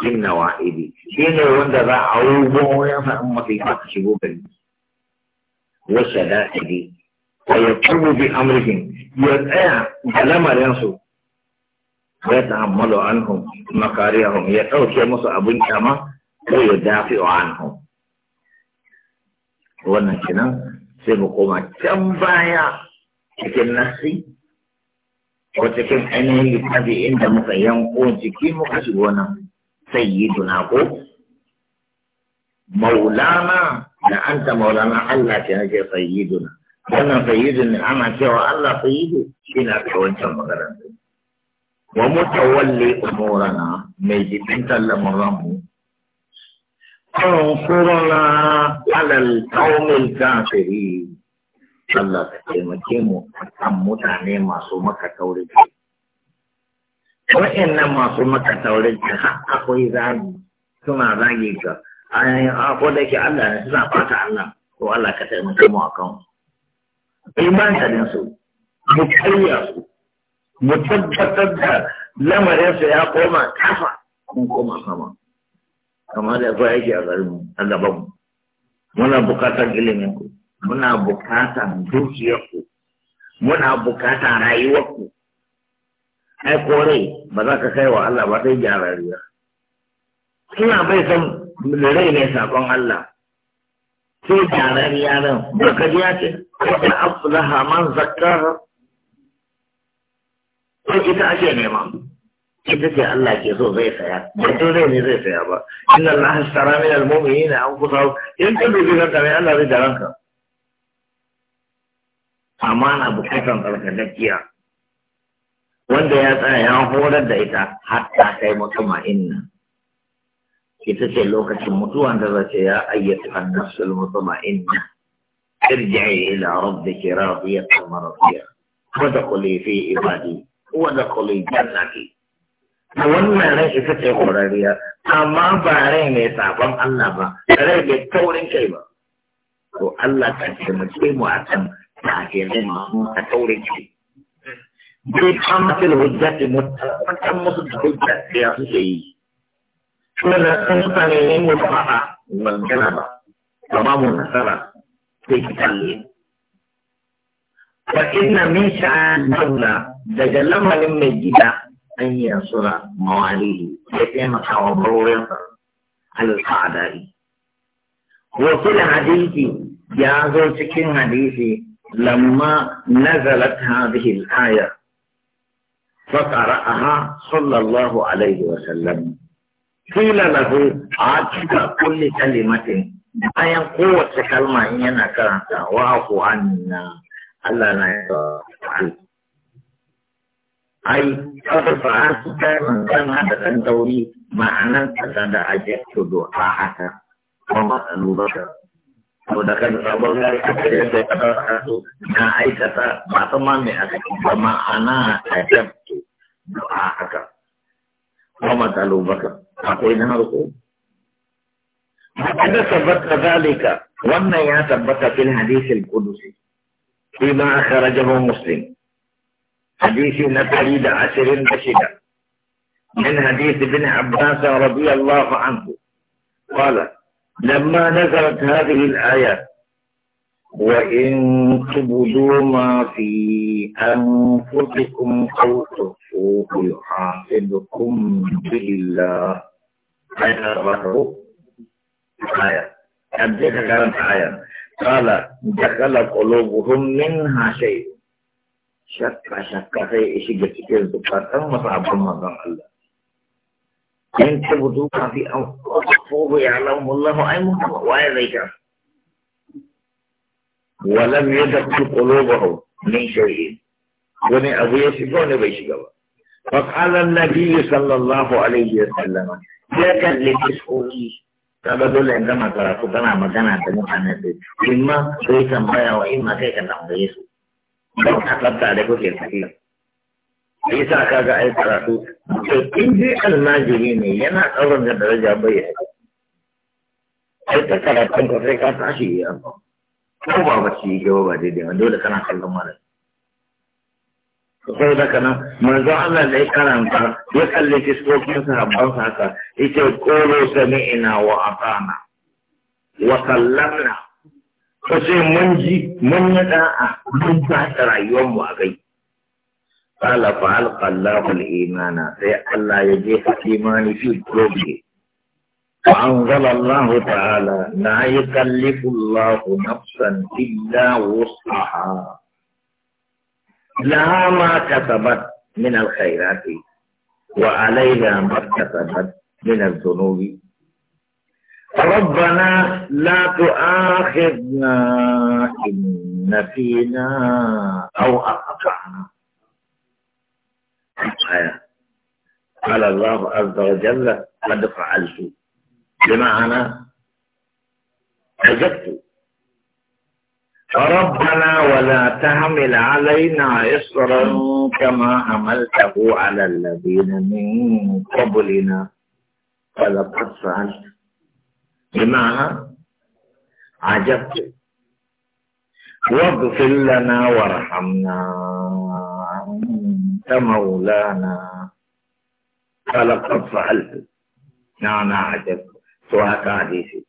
min nawa'idi shi ne wanda za a rubo wayan faɗin masifa ta shigo gari wasa da'idi wa ya kubu bi amurkin ya tsaya da lamarinsu ya ta'ammalu anhum makariyahum ya ɗauke musu abin kyama ko ya dafi'u anhum wannan kenan sai mu koma can baya cikin nasi ko cikin ainihin littafi inda muka yanko jiki muka shigo nan سيدنا هو مولانا لا انت مولانا الله كانك سيدنا أنا سيدنا انا سوى الله سيدنا كنا كونت مغرم ومتولي امورنا ميجي بنت المرم انصرنا على القوم الكافرين الله تكلم كيمو ما سومك كوري nan masu maka taurin ta har akwai zagi suna zagi ka a ko da yake Allah ne suna fata Allah ko Allah ka taimaka mu akan iman ka din su mu kariya su mu tabbatar da lamarin su ya koma kafa mun koma sama kamar da fa yake a garin mu a gaban mu muna bukatar ilimin ku muna bukatar dukiyar ku muna bukatar rayuwar ku ai rai ba za ka kai wa Allah ba sai gyararriya ina bai san rai ne sakon Allah sai gyararriya nan ba ka ji ya ce kada aflaha man zakkaha ko ita ake nema ita ce Allah ke so zai saya ba to rai ne zai saya ba inna Allah ashtara min al an kusa in ka dubi ka kai Allah zai daranka. Amma amana bukatan tsarkakakkiya wanda ya tsaya ya horar da ita hatta kai mutuma inna ita ce lokacin mutuwan da za zace ya ayyatu annasul mutuma inna irji'i ila rabbiki radiyatan maradiyya wadkhuli fi ibadi wadkhuli jannati a wannan rai ita ce horariya amma ba rai mai sabon Allah ba rai mai taurin kai ba to Allah ta ce mu ce mu akan ta ke zama a taurin kai bai kamatil hujjati mutan musu da hujjati ya suke yi tuna sun mutane ne mu da ba'a magana ba ba ba mu nasara sai ki kalle wa inna min sha'an daula daga lamarin mai gida an yi asura mawalihi ya taimaka wa barorinsa al-sa'adari wasu da hadisi ya zo cikin hadisi lamma nazalat hadhihi al-ayah فقرأها صلى الله عليه وسلم قيل له عاتب كل كلمة bayan kowace kalma in yana karanta wa ku anna Allah na ya ai kafar fa'an su ta mantan hada dan dauri ma'anan ta da ajiyar to do a haka to da kan sabon gari a kare sai ka daura hannu na aikata ba ta ma mai aka ba ma'ana a jabtu du'a haka kuma talubaka akwai na harko هذا ثبت ذلك وما ثبت في الحديث القدسي فيما أخرجه مسلم حديث نتريد عشر بشدة من حديث ابن عباس رضي الله عنه قال لما نزلت هذه الآيات وإن تبدوا ما في أنفسكم أو تخفوه يحاسبكم به الله آية الله آية أبدأ كلام آية قال دخل قلوبهم منها شيء شك شك في إشي جتكين زكاة مصعب رمضان الله in ta budu kafi an kogo ya alamu wallahu ai mun kama waye zai ka walam ya da kukulu ba hau min shari'i wani abu ya shiga wani bai shiga ba فقال النبي صلى الله عليه وسلم ya kalli fiskoki kaga dole in gama karatu kana magana da mutane su imma sai tambaya wa imma kai ka tambaye su don a tsafta da kuke tafiya sa yasa ga ai karatu to in dai almajiri ne yana tsaron da daraja bai yi ai ta karatun ka sai ka tashi ya ko ba ba shi ga ba daidai ba dole kana kallon malam sai da kana manzon Allah da ya karanta ya kalle fiskokin sahabban sa haka yace qulu sami'na wa atana wa sallamna ko sai mun ji mun yi da'a mun ba ta rayuwar mu a gai? قال فألقى الله الإيمان في فألا يجيح الإيمان في قلوبه فأنزل الله تعالى لا يكلف الله نفسا إلا وسعها لها ما كتبت من الخيرات وعليها ما كتبت من الذنوب ربنا لا تؤاخذنا إن نسينا أو أخطأنا الحياة قال الله عز وجل قد فعلت بمعنى عجبت ربنا ولا تحمل علينا إصرا كما حملته على الذين من قبلنا فلقد فعلت بمعنى عجبت واغفر لنا وارحمنا أنت مولانا قال قد فعلت نعم عجب سواك حديثي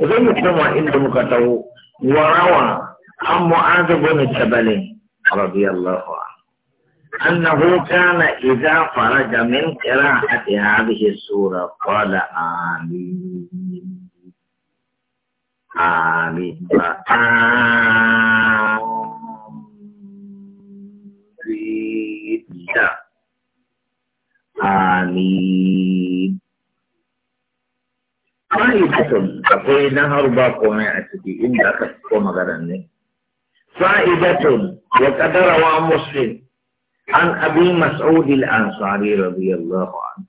وزي مجتمع إنهم كتبوا وروى عن معاذ بن جبل رضي الله عنه أنه كان إذا فرج من قراءة هذه السورة قال آمين آمين da amin akwai na harba komai a ciki inda aka ko maganar ne fa'idatun wa kadarawa muslim an abi مسعود الأنصاري رضي الله عنه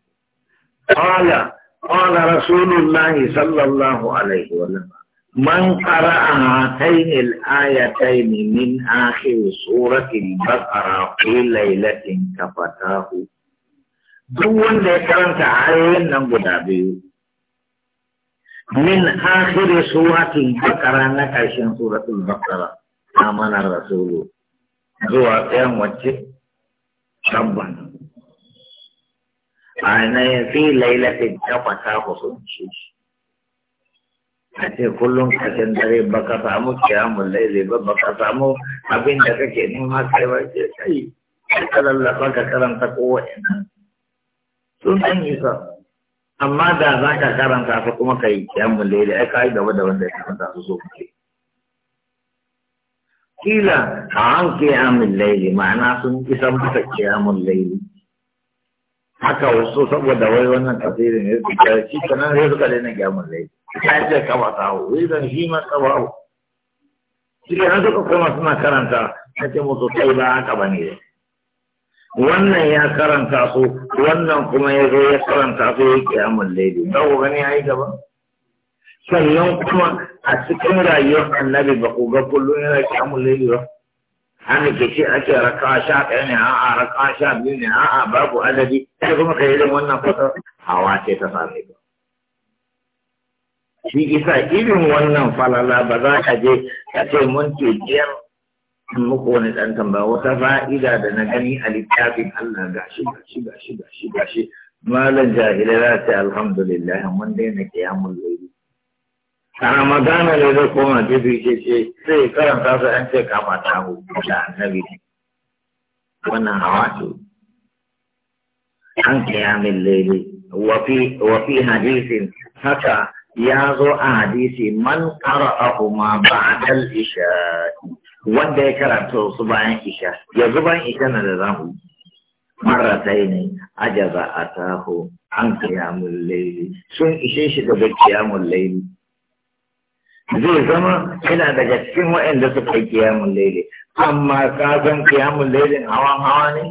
قال قال sallallahu alaihi wa الله من قرأ هاتين الآيتين من آخر سورة البقرة في ليلة كفتاه duk wanda ya karanta ayoyin nan guda biyu min akhiri suratul baqara na karshen suratul baqara amana rasulu zuwa tsayan wacce shabban a ku sun ake kullum kashin dare ba ka samu kiyamun laili ba ba ka samu abin da kake nema kai ba ce kai ka lallafa ka karanta kowane sun san isa amma da za ka karanta ka kuma ka yi kiyamun laili ai ka yi gaba da wanda ya karanta su so kake kila a an kiyamun laili ma'ana sun isa masa kiyamun laili haka wasu saboda wai wannan tafsirin ya fi shi kanan sai suka daina kiyamun laili ya ce kaba tawo wai zan shi ma kaba shi ne na suka koma suna karanta na musu kai ba haka ba ne wannan ya karanta su wannan kuma ya zo ya karanta su ya kiyamun laili ba ku gani ya yi gaba sannan kuma a cikin rayuwar annabi ba ku ga kullum yana kiyamun laili ba an ke ce ake raka sha ɗaya ne a'a raka sha biyu ne a'a babu adadi sai kuma ka yi irin wannan fata hawa ce ta same ka shi isa irin wannan falala ba za ka je ka ce mun ce biyar in muku wani ɗan tambaya wata fa'ida da na gani a littafin Allah ga ga ga shi shi shi ga shi ga shi malam jahilai za ta alhamdulillah mun dai daina kiyamun lori a ramadana ne zai koma gefe ce ce sai karanta su an ce kama ta hu da annabi wannan hawa ce an kiyamin laili wafi hadisin haka ya zo a hadisi man qara'ahu ma a al-isha wanda ya karanta su bayan isha yanzu bayan isha na da zamu jaza a taho an kiyamun laili sun ishe shi daga kiyamun laili zai zama yana daga cikin waɗanda suka yi kiyamun laili amma ka san kiyamun lailin hawan hawa ne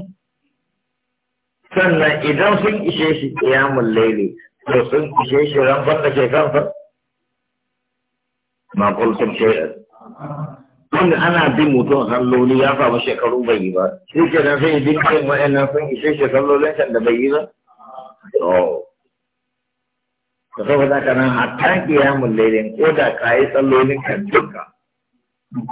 sannan idan sun ishe shi kiyamun laili da sun ishe shi ramfar da ke kansa ma kulkin shayar wanda ana bin mutum salloli ya samu shekaru bai yi ba shi ke nan sai bin kai wa'annan sun ishe shi sallolin can da bai yi ba da saboda ka nan hatta kiyamun lailin ko da ka yi sallolin kan duka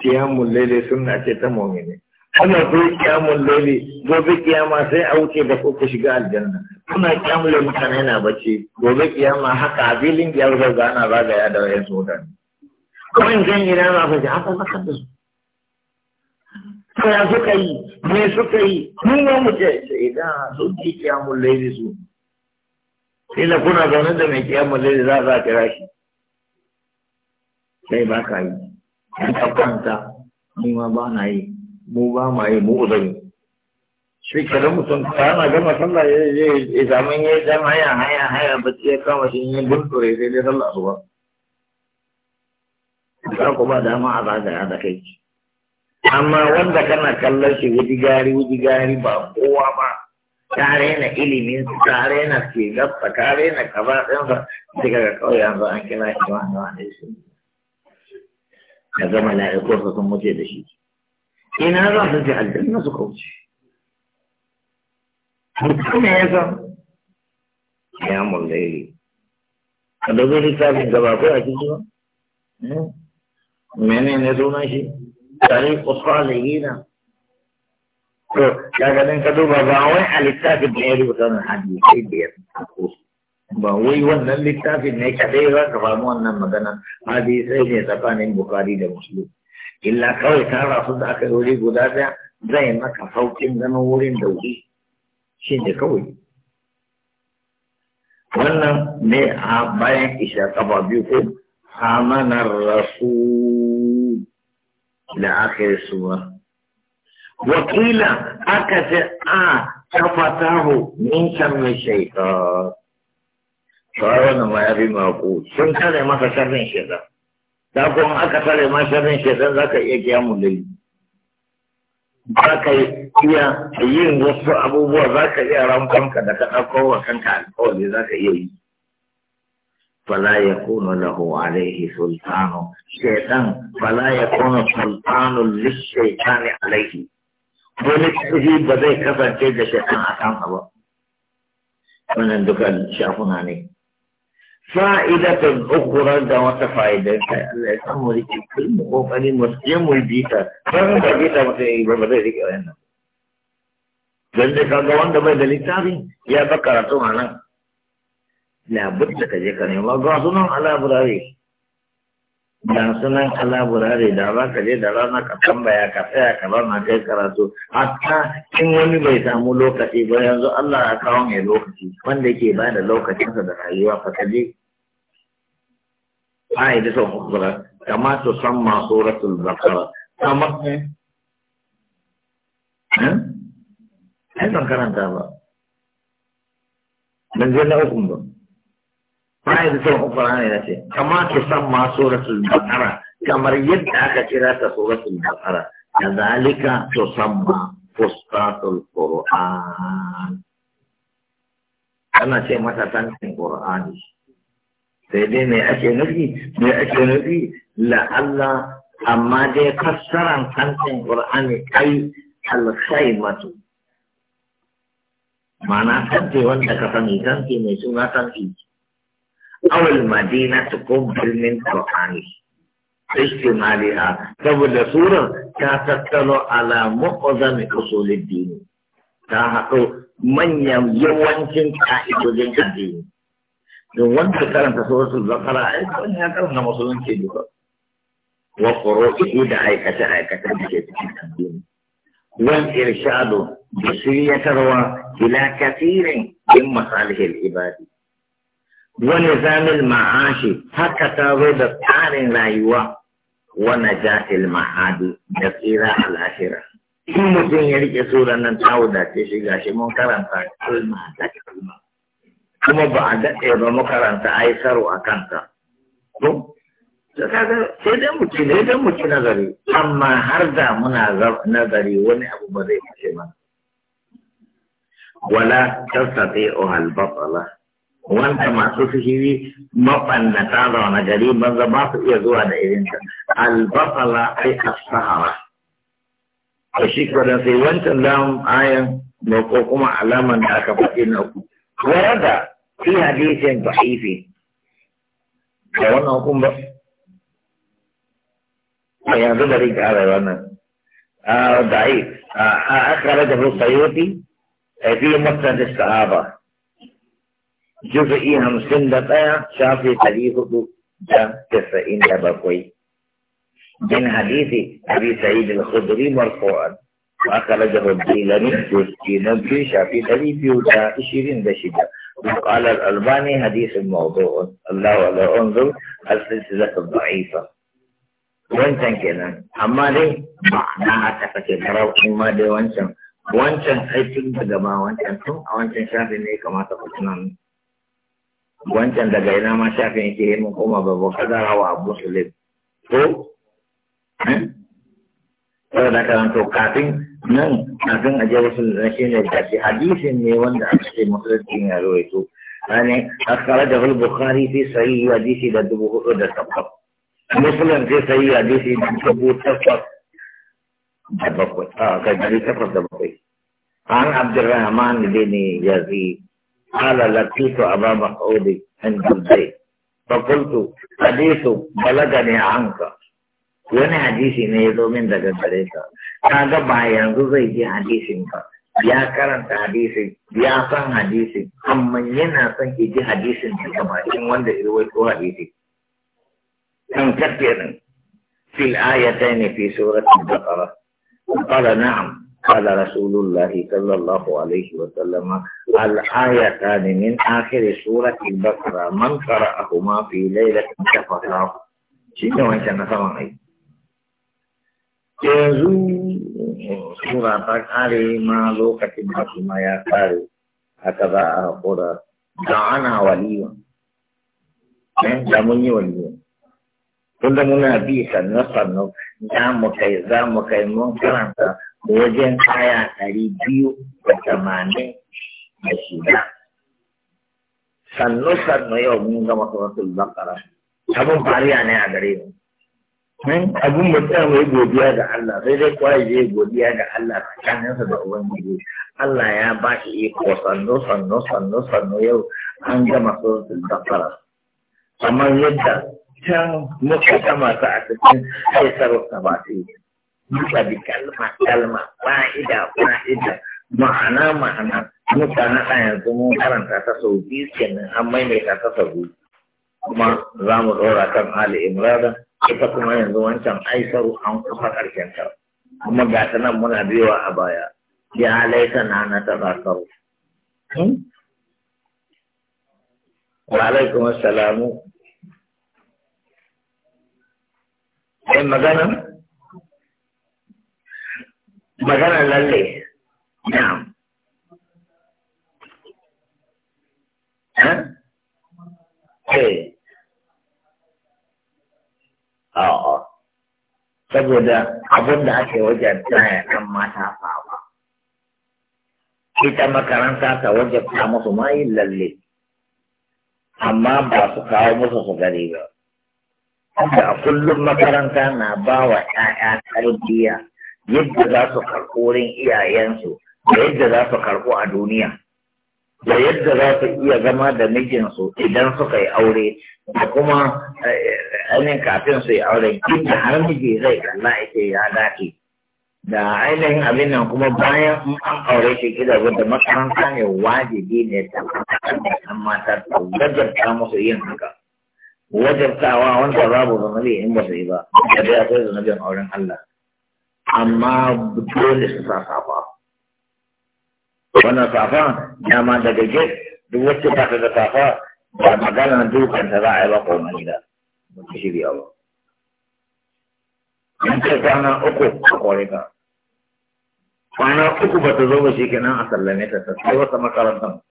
kiyamun sun na ce ta momini ana zo kiyamun lele gobe kiyama sai a wuce da ko ku shiga aljanna kuna kiyamun lele mutane na bacci gobe kiyama haka a filin kiyar zauga ana zagaya da wayan sodan kuma in zan yi na ma fa ji haka saka da su to suka yi me suka yi mun ma mu ce idan sun ci kiyamun lele su sai da kuna zaune da mai kiyamun lele za a kira shi sai ba ka yi ka kwanta ni ma ba na yi mu ba ma yi mu uzuri shi kada mutum kana gama sallah ya je zaman ya dan haya haya haya bacci ya kama shi ne ya dundure sai dai sallah ba. za ku ba dama a zagaya da kai amma wanda kana kallon shi wuji gari wuji gari ba kowa ba ka raina ilimin su ka ke shegarsa ka raina kaza ɗinsa sai kaga kawai yanzu an kira shi wani wani shi ya zama la'aikunsa sun mutu da shi ina za su je aljanna su kauce mutum ya san ya mullaye a dogon littafin gaba ko a cikin ba eh? mene ne sunan shi tare kusuralihina to ya ganin ka duba ba wai a littafin da ya rubuta na hadisai da ya ko ba wai wannan littafin ne kadai za ka famu wannan magana hadisai ne tsakanin bukari da musulun. illa kawai ta rasu da aka wuri guda daya zai maka saukin ganin wurin da wuri shi ne kawai wannan ne a bayan isha kafa biyu ko amanar rasu da aka yi suwa wakila aka ce a kafatahu min mai shaitan sauran wani ma ya bi mako sun kare masa sharrin shaitan da kuma aka tare ma sharrin shaitan za zaka iya kiyamu da yi ba ka iya yin wasu abubuwa za ka iya ramkanka da ka ɗauko wa kanka alkawari za ka iya yi fala ya kuna lahu alaihi sultanu shaitan fala ya kuna sultanu lishaitani alaihi wani kashi ba zai kasance da shaitan a kansa ba wannan duka shafuna ne fa'idatun ukhra da wata fa'ida kai Allah ya samu rike kullu kokarin musulmi mu bita san da bita ba sai ba zai rike wannan dan da kaga wanda bai da littafi ya ba karatu anan na budda da kaje ka nema ga sunan ala burare da sunan ala burare da ba kaje da rana ka tambaya ka tsaya ka ba na kai karatu hatta in wani bai samu lokaci ba yanzu Allah ya kawo mai lokaci wanda ke ba da lokacinsa da rayuwa fa ka je قاعدة آية أخرى كما تسمى سورة البقرة كما أيضا كان هذا من جل أخرى قاعدة أخرى كما تسمى سورة البقرة كما يدعك كراسة سورة البقرة كذلك تسمى فسطاط القرآن أنا شيء مثلا في القرآن sai dai mai ake nufi mai ake nufi Allah! amma dai fassaran kantin ƙur'ani ai alkhaimatu ma'ana kante wanda ka sani kante mai suna kanti awal madina ta ko birnin ƙur'ani istimaliha saboda surar ta tattalo ala mu'azami usulid dini ta haɗo manyan yawancin ka'idodin addini don wanda ya karanta suratul baqara ai wani ya karanta musulunci duka wa qur'ani da aikace aikace da ke cikin addini wal irshadu da shiryatarwa ila kathirin in masalihil ibadi wa nizamil ma'ashi haka ta zo da tsarin rayuwa wa najatil ma'adi da tsira al'ashira in mutum ya rike suran nan ta wadace shi gashi mun karanta kalma da kalma kuma ba a daɗe ba makaranta a yi saro a kanta. Ko? Sai dai mu ne dai mu nazari, amma har da muna nazari wani abu ba zai fice ba. Wala tattaɓe o halbatsala. Wanda masu sihiri maɓannata zaune gari banza ba su iya zuwa da irinta. Albatsala ai sahara. Da shi kwanan sai wancan damun ayan ko kuma alaman da aka faɗi na uku. ورد في حديث ضعيف وانا اقوم بس يعني ده ريك على وانا آه ضعيف آه،, آه اخرجه السيوطي في مسند الصحابه جزئي همسن دقيقة شافي تاريخه ده تسعين دبقوي من حديث أبي سعيد الخدري مرفوعا shafi ɗari biyu نبي شافي da وتا إشيرين دشدة وقال الألباني حديث موضوع الله ولا انظر السلسلة الضعيفة wancan kenan amma dai ma'ana haka kake garau in ma dai wancan wancan aikin daga ma wancan tun a wancan shafin ne kamata ku tunan wancan daga ina ma shafin yake yi mun koma babu kadara a abu sai da kan to kafin nan kafin a je wasu shi ne da shi hadisin ne wanda aka ce musulunci ya rawaito yani akhrajahu al-bukhari fi sahih hadisi da dubu hudu da takwas muslim fi sahih hadisi da dubu takwas da bakwai a kai dari takwas da bakwai an abdurrahman bin yazid قال لقيت أبا مسعود عند البيت فقلت حديث بلغني عنك wani hadisi ne ya zo min daga gare ka ta ga ba yanzu zai ji hadisin ka ya karanta hadisin ya san hadisin amma yana son ya ji hadisin da gaba in wanda ya zuwa ko hadisi kan kafirin fil ayata ne fi suratul baqara qala na'am qala rasulullah sallallahu alaihi wa sallam al ayatan min akhir suratul baqara man kara a kuma fi laylatin kafara shi ne wancan na saman aiki yanzu sura ta kare ma lokacin da kuma ya kare haka za a haƙura da ana waliwa da mun yi waliwa tunda muna bi sannu sannu za mu kai za mu kai mun karanta wajen kaya ɗari biyu da tamanin da shida sannu sannu yau mun gama suratul bakara abin bariya ne a gare mu abin mu mai godiya da Allah sai dai kwa je godiya da Allah tsakaninsa da ubangiji Allah ya ba shi iko sannu sannu sannu sannu yau an gama da fara amma yadda can muka gama ta a cikin ba sabati muka bi kalma kalma fa'ida fa'ida ma'ana ma'ana muka naɗa yanzu mun karanta ta sau biyu kenan an maimaita ta sau biyu kuma za mu ɗora kan Ali Imran ita kuma yanzu wancan aisaru an kusa ƙarshen ta kuma ga ta nan muna biyowa a baya ya laita na na ta zakaru hmm? wa alaikum assalamu ai eh, magana magana lalle na'am eh, eh. a'a saboda abin da ake wajabta ya kan mata fawa ita makaranta ta wajabta musu mai lalle amma ba su kawo musu su gari ba da kullum makaranta na ba wa 'ya'ya tarbiyya yadda za su karɓo wurin iyayensu da yadda za su karɓo a duniya da yadda za su iya zama da mijinsu idan suka yi aure da kuma eh, ainihin kafin su yi aure inda har miji zai kalla ake ya dace da ainihin abin nan kuma bayan an aure shi gida da makaranta ne wajibi ne ta kan mata ta gajarta musu yin haka wajartawa wanda babu zanabi in ba su yi ba da dai akwai zanabin auren Allah amma dole su sa safa wannan safa dama daga gate duk wacce ta da safa ba magana dukan ta za a yi ba kuma gida mutu shirya ba in ce kwana uku a kore ka kwana uku ba ta zo ba shi kenan a sallame ta ta sai wata makarantar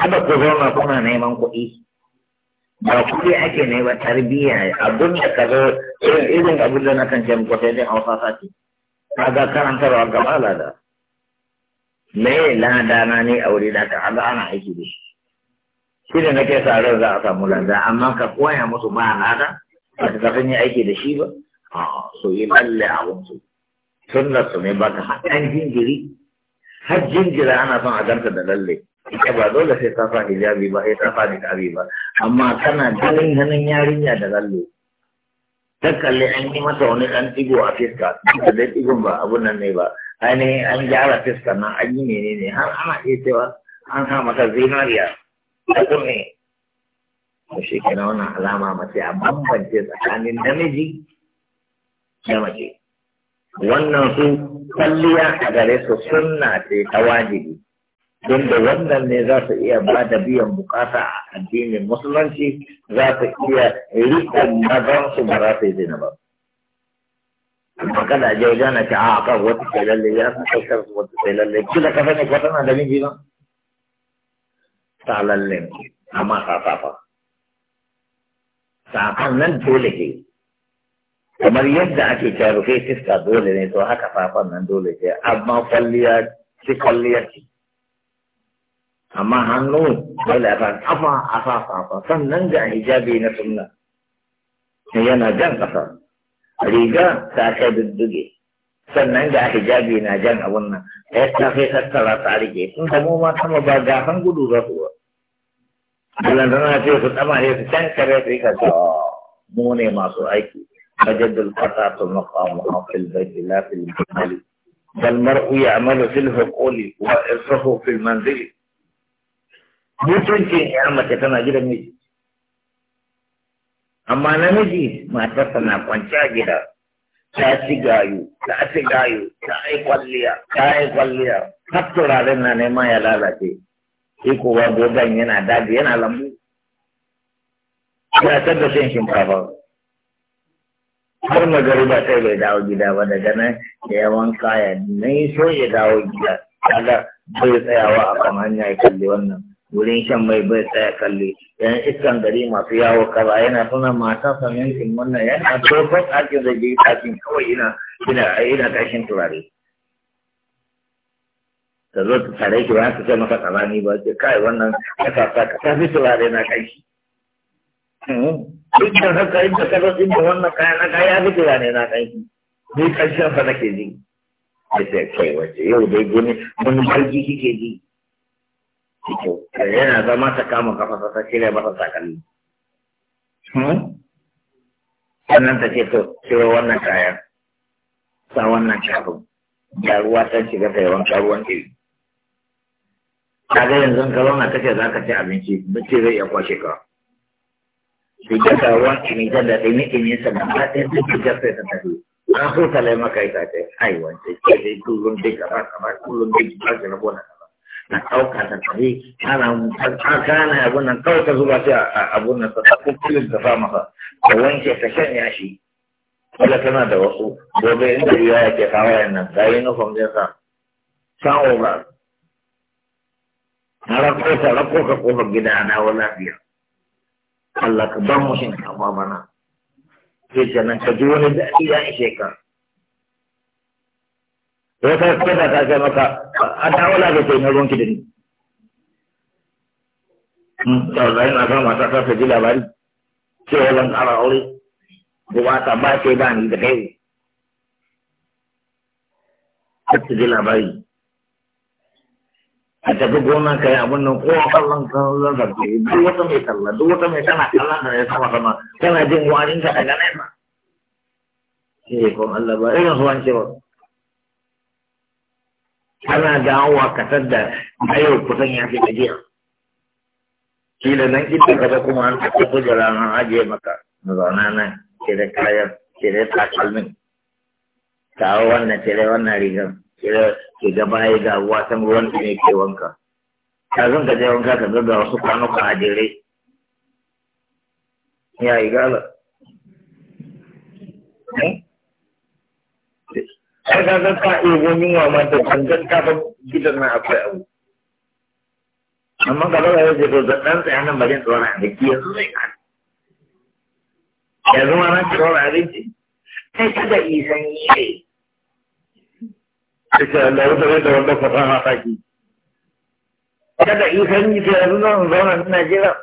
kada ku zauna kuna neman kuɗi ba kuɗi ake neman tarbiyya a duniya ka zo irin abin da na kan ce muku sai dai hausa sati kaga karantarwa ga da. me lada na ne a wuri da ka haɗa ana aiki da shi shi da nake sa ran za a samu lada amma ka koya musu ba lada ba ta tafi yi aiki da shi ba a so yi lalle wunsu. su da su ne ba ka haɗan jinjiri har jinjira ana son a ganta da lalle ita ba dole sai ta fa hijabi ba sai ta sa niqabi ba amma kana ganin ganin yarinya da lalle ta kalli an yi mata wani ɗan ɗigo a fiska da dai ɗigon ba abun nan ne ba an an gyara fiskar nan an yi menene har ana iya cewa an sa ka zinariya da kunne to shekara wannan alama mace a bambance tsakanin namiji da mace wannan su kwalliya a gare su sunna ce ta wajibi don da wannan ne za su iya ba da biyan bukata a addinin musulunci za su iya riƙon mazansu ba za su yi zina ba. magana je gana ta a kan wata sai lalle ya san aikar wata sai lalle ki da ka sani wata na da miji ba ta lalle amma ta safa safan nan dole ke kamar yadda ake cewa rufe fiska dole ne to haka fafan nan dole ce amma kwalliya ci kwalliya ce amma hannu dole a san kafa a sa safa sannan ga hijabi na sunna yana jan ƙasa riga ta kai dudduge sannan ga hijabi na jan abun nan ɗaya ta kai tattara ta rike sun samu mata ma ba gafan gudu za su ba da na ce su tsamare su can kare su yi ka oh, mu ne masu aiki مجد الفتاة المقام في البيت لا في المال فالمرء يعمل في الحقول وإرصه في المنزل mutuncin ya mace tana gidan miji amma namiji matarsa na kwanciya gida ta ci gayu ta ci gayu ta yi kwalliya ta yi kwalliya har turaren na nema ya lalace shi kuwa gogon yana daji yana lambu ya da shan shinkafa har ba sai bai dawo gida ba daga nan da yawan kaya na yi so ya dawo gida kaga bai tsayawa a kan hanya ya kalli wannan wurin shan mai bai tsaya kalli yan iskan gari masu yawo kaza yana suna matan sa yankin wannan yana tofin ake zage takin kawai ina ina ina kashin turare ta zo ta tare ki ba ta ce maka tsanani ba ce kai wannan kasa ta ta fi turare na ƙarshi hmm. duk da haka inda ka zo inda wannan kaya na kaya fi turare na ƙarshi ni ƙarshen sa nake ji ya ce kai wace yau dai gini mun barci kike ji yana zama ta kama kafa ta shirya masa takalmi hmm? sannan ta ce to cire wannan kayan sa wannan kyaru, da ruwa ta shiga ta yawan karuwan iri kaga yanzu ka zauna ce za ka ci abinci mace zai iya kwashe ka su ta ruwan kimi ta da ne ɗimi yin da ba ɗaya ta jaka ta tafi an so ta lai maka ita ce ai wance ce dai kullum dai gaba gaba kullum dai gaba gaba na ɗauka ta tafi ana na abun nan kawai ta zuba shi a abun nan ta kukulin da fa masa ta wanke ta ya shi wanda tana da wasu gobe inda riya ya ke kawo yan nan ga uniform zai sa san over na rako ta rako ka kofar gida na wa lafiya Allah ka ban mu kama mana bana sai nan ka ji wani da iya ishe ka sai ka kada ta ce maka a dawala da ke na ruwanki da ni hmm, tausayin na sama ta kasa ji labari cewa zan kara aure ba ta ba ce ba ni da kai ta ji labari a tafi gona yi abin nan ko kallon kan zan zarce duk wata mai kalla, duk wata mai tana kallon da ya sama sama tana jin warin ta ganin ba. Sai ko Allah ba irin su wance ba. ana dawowa kasar da yau kusan ya fi gajiya kila nan ita kaza kuma an tafi kujera na ajiye maka na zauna nan cire kayan cire takalmin kawo wannan cire wannan rigar cire ki gaba ya ga wasan ruwan da ne ke wanka Ta ka je wanka ka zaga wasu kwanuka a jere ya yi gala eh? ai ka ga ka iya wani wa ma da dangan gidan na akwai abu amma ga ba ya ce to da dan tsaya nan bajin tsora a biki yanzu zai ka yanzu ma na tsora a biki kai kada isan yi ne Ita Allah ya zama da wanda fasaha ta ki. Kada isan yi ta yanzu nan zauna ni Najeriya.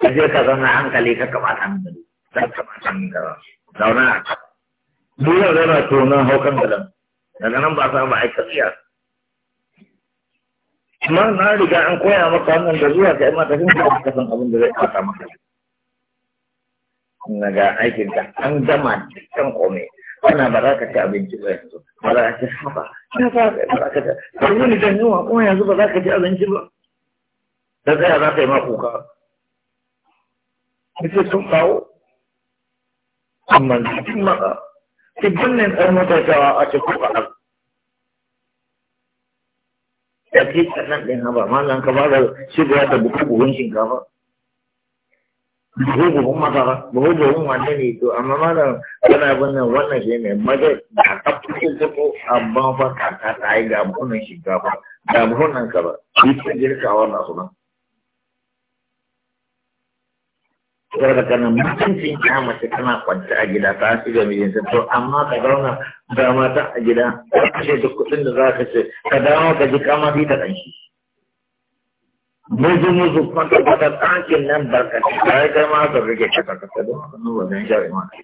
Ka je ka zauna hankali ka kamata hankali. Ka kamata Zauna a kama. dole zana tonon haukan galan daga nan ba sa ba aika tsiya amma na riga an koya maka wannan da zuwa kai ma ka san kuma kasan abin da zai fata maka na ga aikin ka an gama cikin kome. ana ba za ka ci abinci ba yanzu ba za ka ci haba na ba za ka ci ba wani yi wa kuma yanzu ba za ka ci abinci ba da tsaya za ka yi ma kuka kace sun kawo amma cikin maka ki binne ɗan motar a ce ko a Ya ke kanan ɗin haba malam ka ba da shigowa da buku buhun shinkafa buhu buhun masara buhu buhun wanda ne to amma malam kana binne wannan shi ne maje da kafin ko amma fa kaka ta yi ga buhunan shinkafa ga buhunan ka ba shi ta girkawa na sunan sai da kana mutuncin ya mace tana kwanta a gida ta shiga mijinta to amma ka zauna da mata a gida ka kashe duk kuɗin da za ka ce ka dawo ka ji kama fi ta ɗanshi. Muzu muzu kwanta ta ɗakin nan barkaci ta yi kai ma ka rage ka kasa don haka nuna wajen shari'a ma ka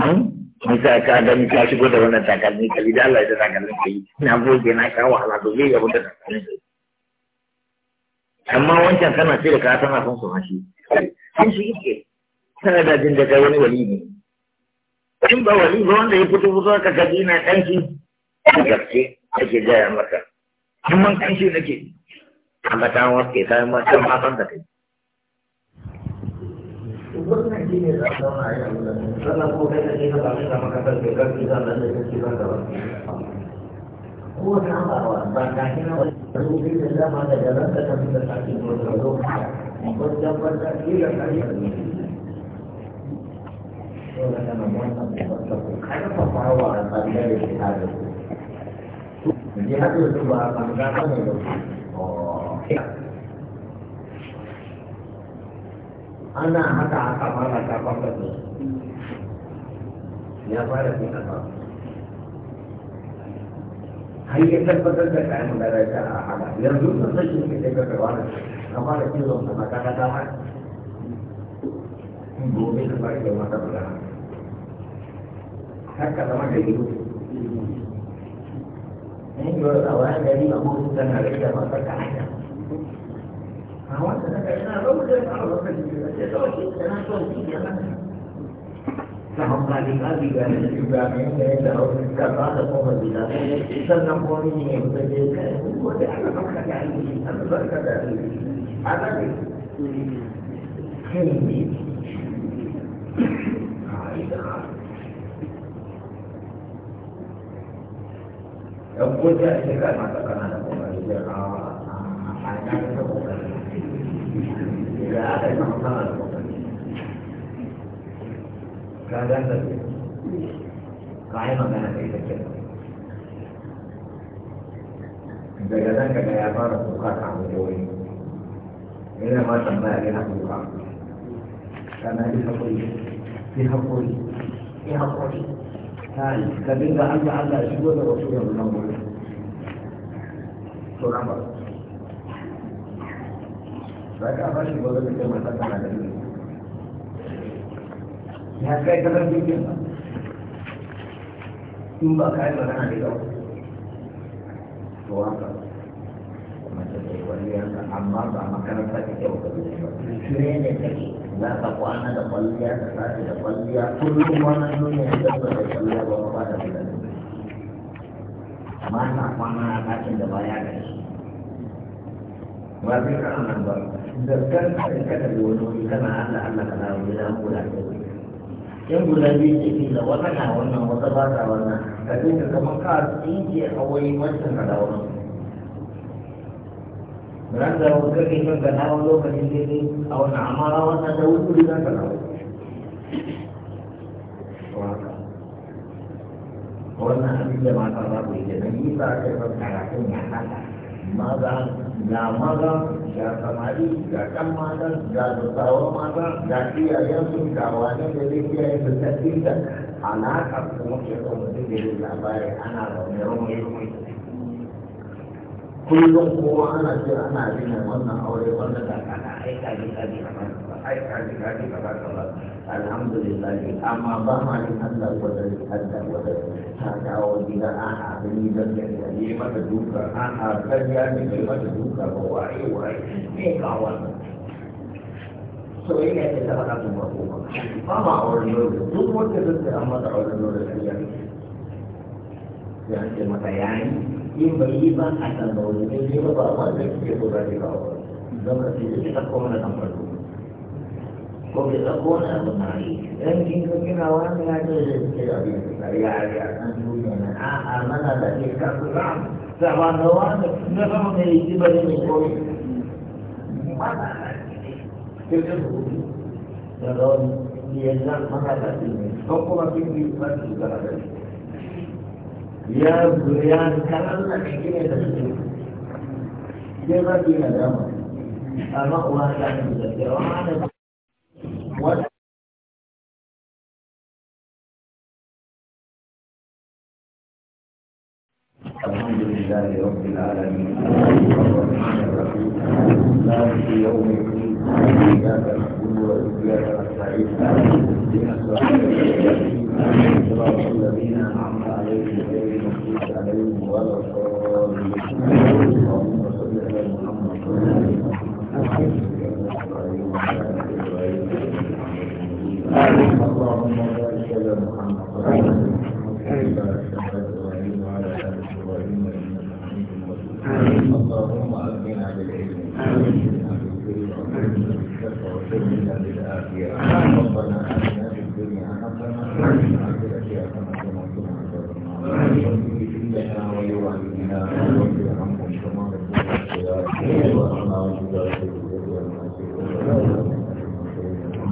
hmm? Misa ka gani ka shigo da wannan takalmi ka da Allah ya da takalmin ka yi. Ina goge na kawo ala domin ya wuce takalmin ka yi. amma wancan kana ce da ka tana son su hashi sun shi yake tana da jin da kai wani wali ne in ba wali ba wanda ya fito fito ka gaji ina kanshi da gaske ake gaya maka in man kanshi nake amma ta waske ta ma ta ma san da kai wannan shi ne za a zauna a yi a sannan kuma kai da ke na ba su da makarantar da kan gida da ne kake zan da هو كان أول بعد لكن الوجود لله ما تجلس من الحكيم والرسول والجبر تأثير الحديث Karena pembawa dari ta itu, jihad itu da negara itu. Oh, anak ada apa fara apa Ya, hanyar tabbatar da kayan madarata a hada yanzu sun sai shi ne daga gaba da kama da kilo na makaka ta ma gobe da bari da mata bala haka zama da yiwu in yi wasu a wayan gari a mutu tana da ita masa ka hanya a wata daga ina lokacin da aka lokacin da ake ɗauke da na so shi ke nan Sannan kuma ne ne mutum ne kai, wanda aka ɗauka da aiki, an barka da aiki. Ana ne, kai ne, Yang pun dia cakap masa kanan aku bagi dia awak. Ada yang tak boleh. Dia ada yang tak boleh. ka dasa da ka yi magana da ita ke daga nan kaga ya fara kuka a wajen wani yana ma tambaya yana kuka kana yi haƙuri yi haƙuri yi haƙuri ta yi ka dinga allah allah shigo da wasu ya nan gudu to nan ba za ka ba shi gwada da kai mata kana da ilimi ya kai kasar jirgin ba in ba ka magana da yau to haka mace da yi kwalliyarsa amma ba makaranta ta kyau ka zuwa ba shirya ne take za ka kwana da kwalliya da sashi da kwalliya kullum wannan duniya ya zama da kwalliya ba ba da kwalliya. da amma na kwana a ɗakin da baya da shi ba zai kana nan ba da kan ka da wani wani kana Allah Allah kana wani da mu da kai In guda biyu ke da wata na wannan wata ba ta wannan ka je ka kama ka tsinke a wani wancan ka dawo ran da wata kake kan ka dawo lokacin daidai a wannan amma wannan da wuri za ka dawo wannan abin da mata za ku yi da nan yi ba ka yi ba karatun ya haka maza ga maza ga samari ga kan mata ga dattawan mata ga iyayensu ga wani da zai kiyaye da tafi da alaƙa kuma ke kan mutum da yin labari ana zaune rumai rumai kullum kowa ana jira ana jina wannan aure wanda da kana aika ne kaji a aika ne ka ne kaza alhamdulillah amma ba ma ne Allah wadari Allah wadari ta dawo gida abin da ya yi mata duka an abin ya ne mata duka ba waye waye ne ka wannan soyayya ce ta faɗa kuma kuma ba ma auren dole duk wanda zai an mata auren dole kariya ya ce mata bai yi ba a kan da wani ne ba ba wanda ke kawo zama ta koma na kan farko وبتكون أبطاري يمكن كنا وانا يعجز كده يعني أنتم أنا الذي كنت نعم فعن وانا نفهم الجبل من قوي ماذا فقال ليزال مكة تلميذ فقوة تلميذ ما تلقى يا بريان كلام لك كده تلميذ كيف تلميذ أما أنا كان مذكر وأنا What الحمد لله رب العالمين الرحمن الرحيم مالك يوم الدين اياك نعبد واياك نستعين اهدنا الصراط المستقيم صراط الذين انعمت عليهم غير المغضوب عليهم ولا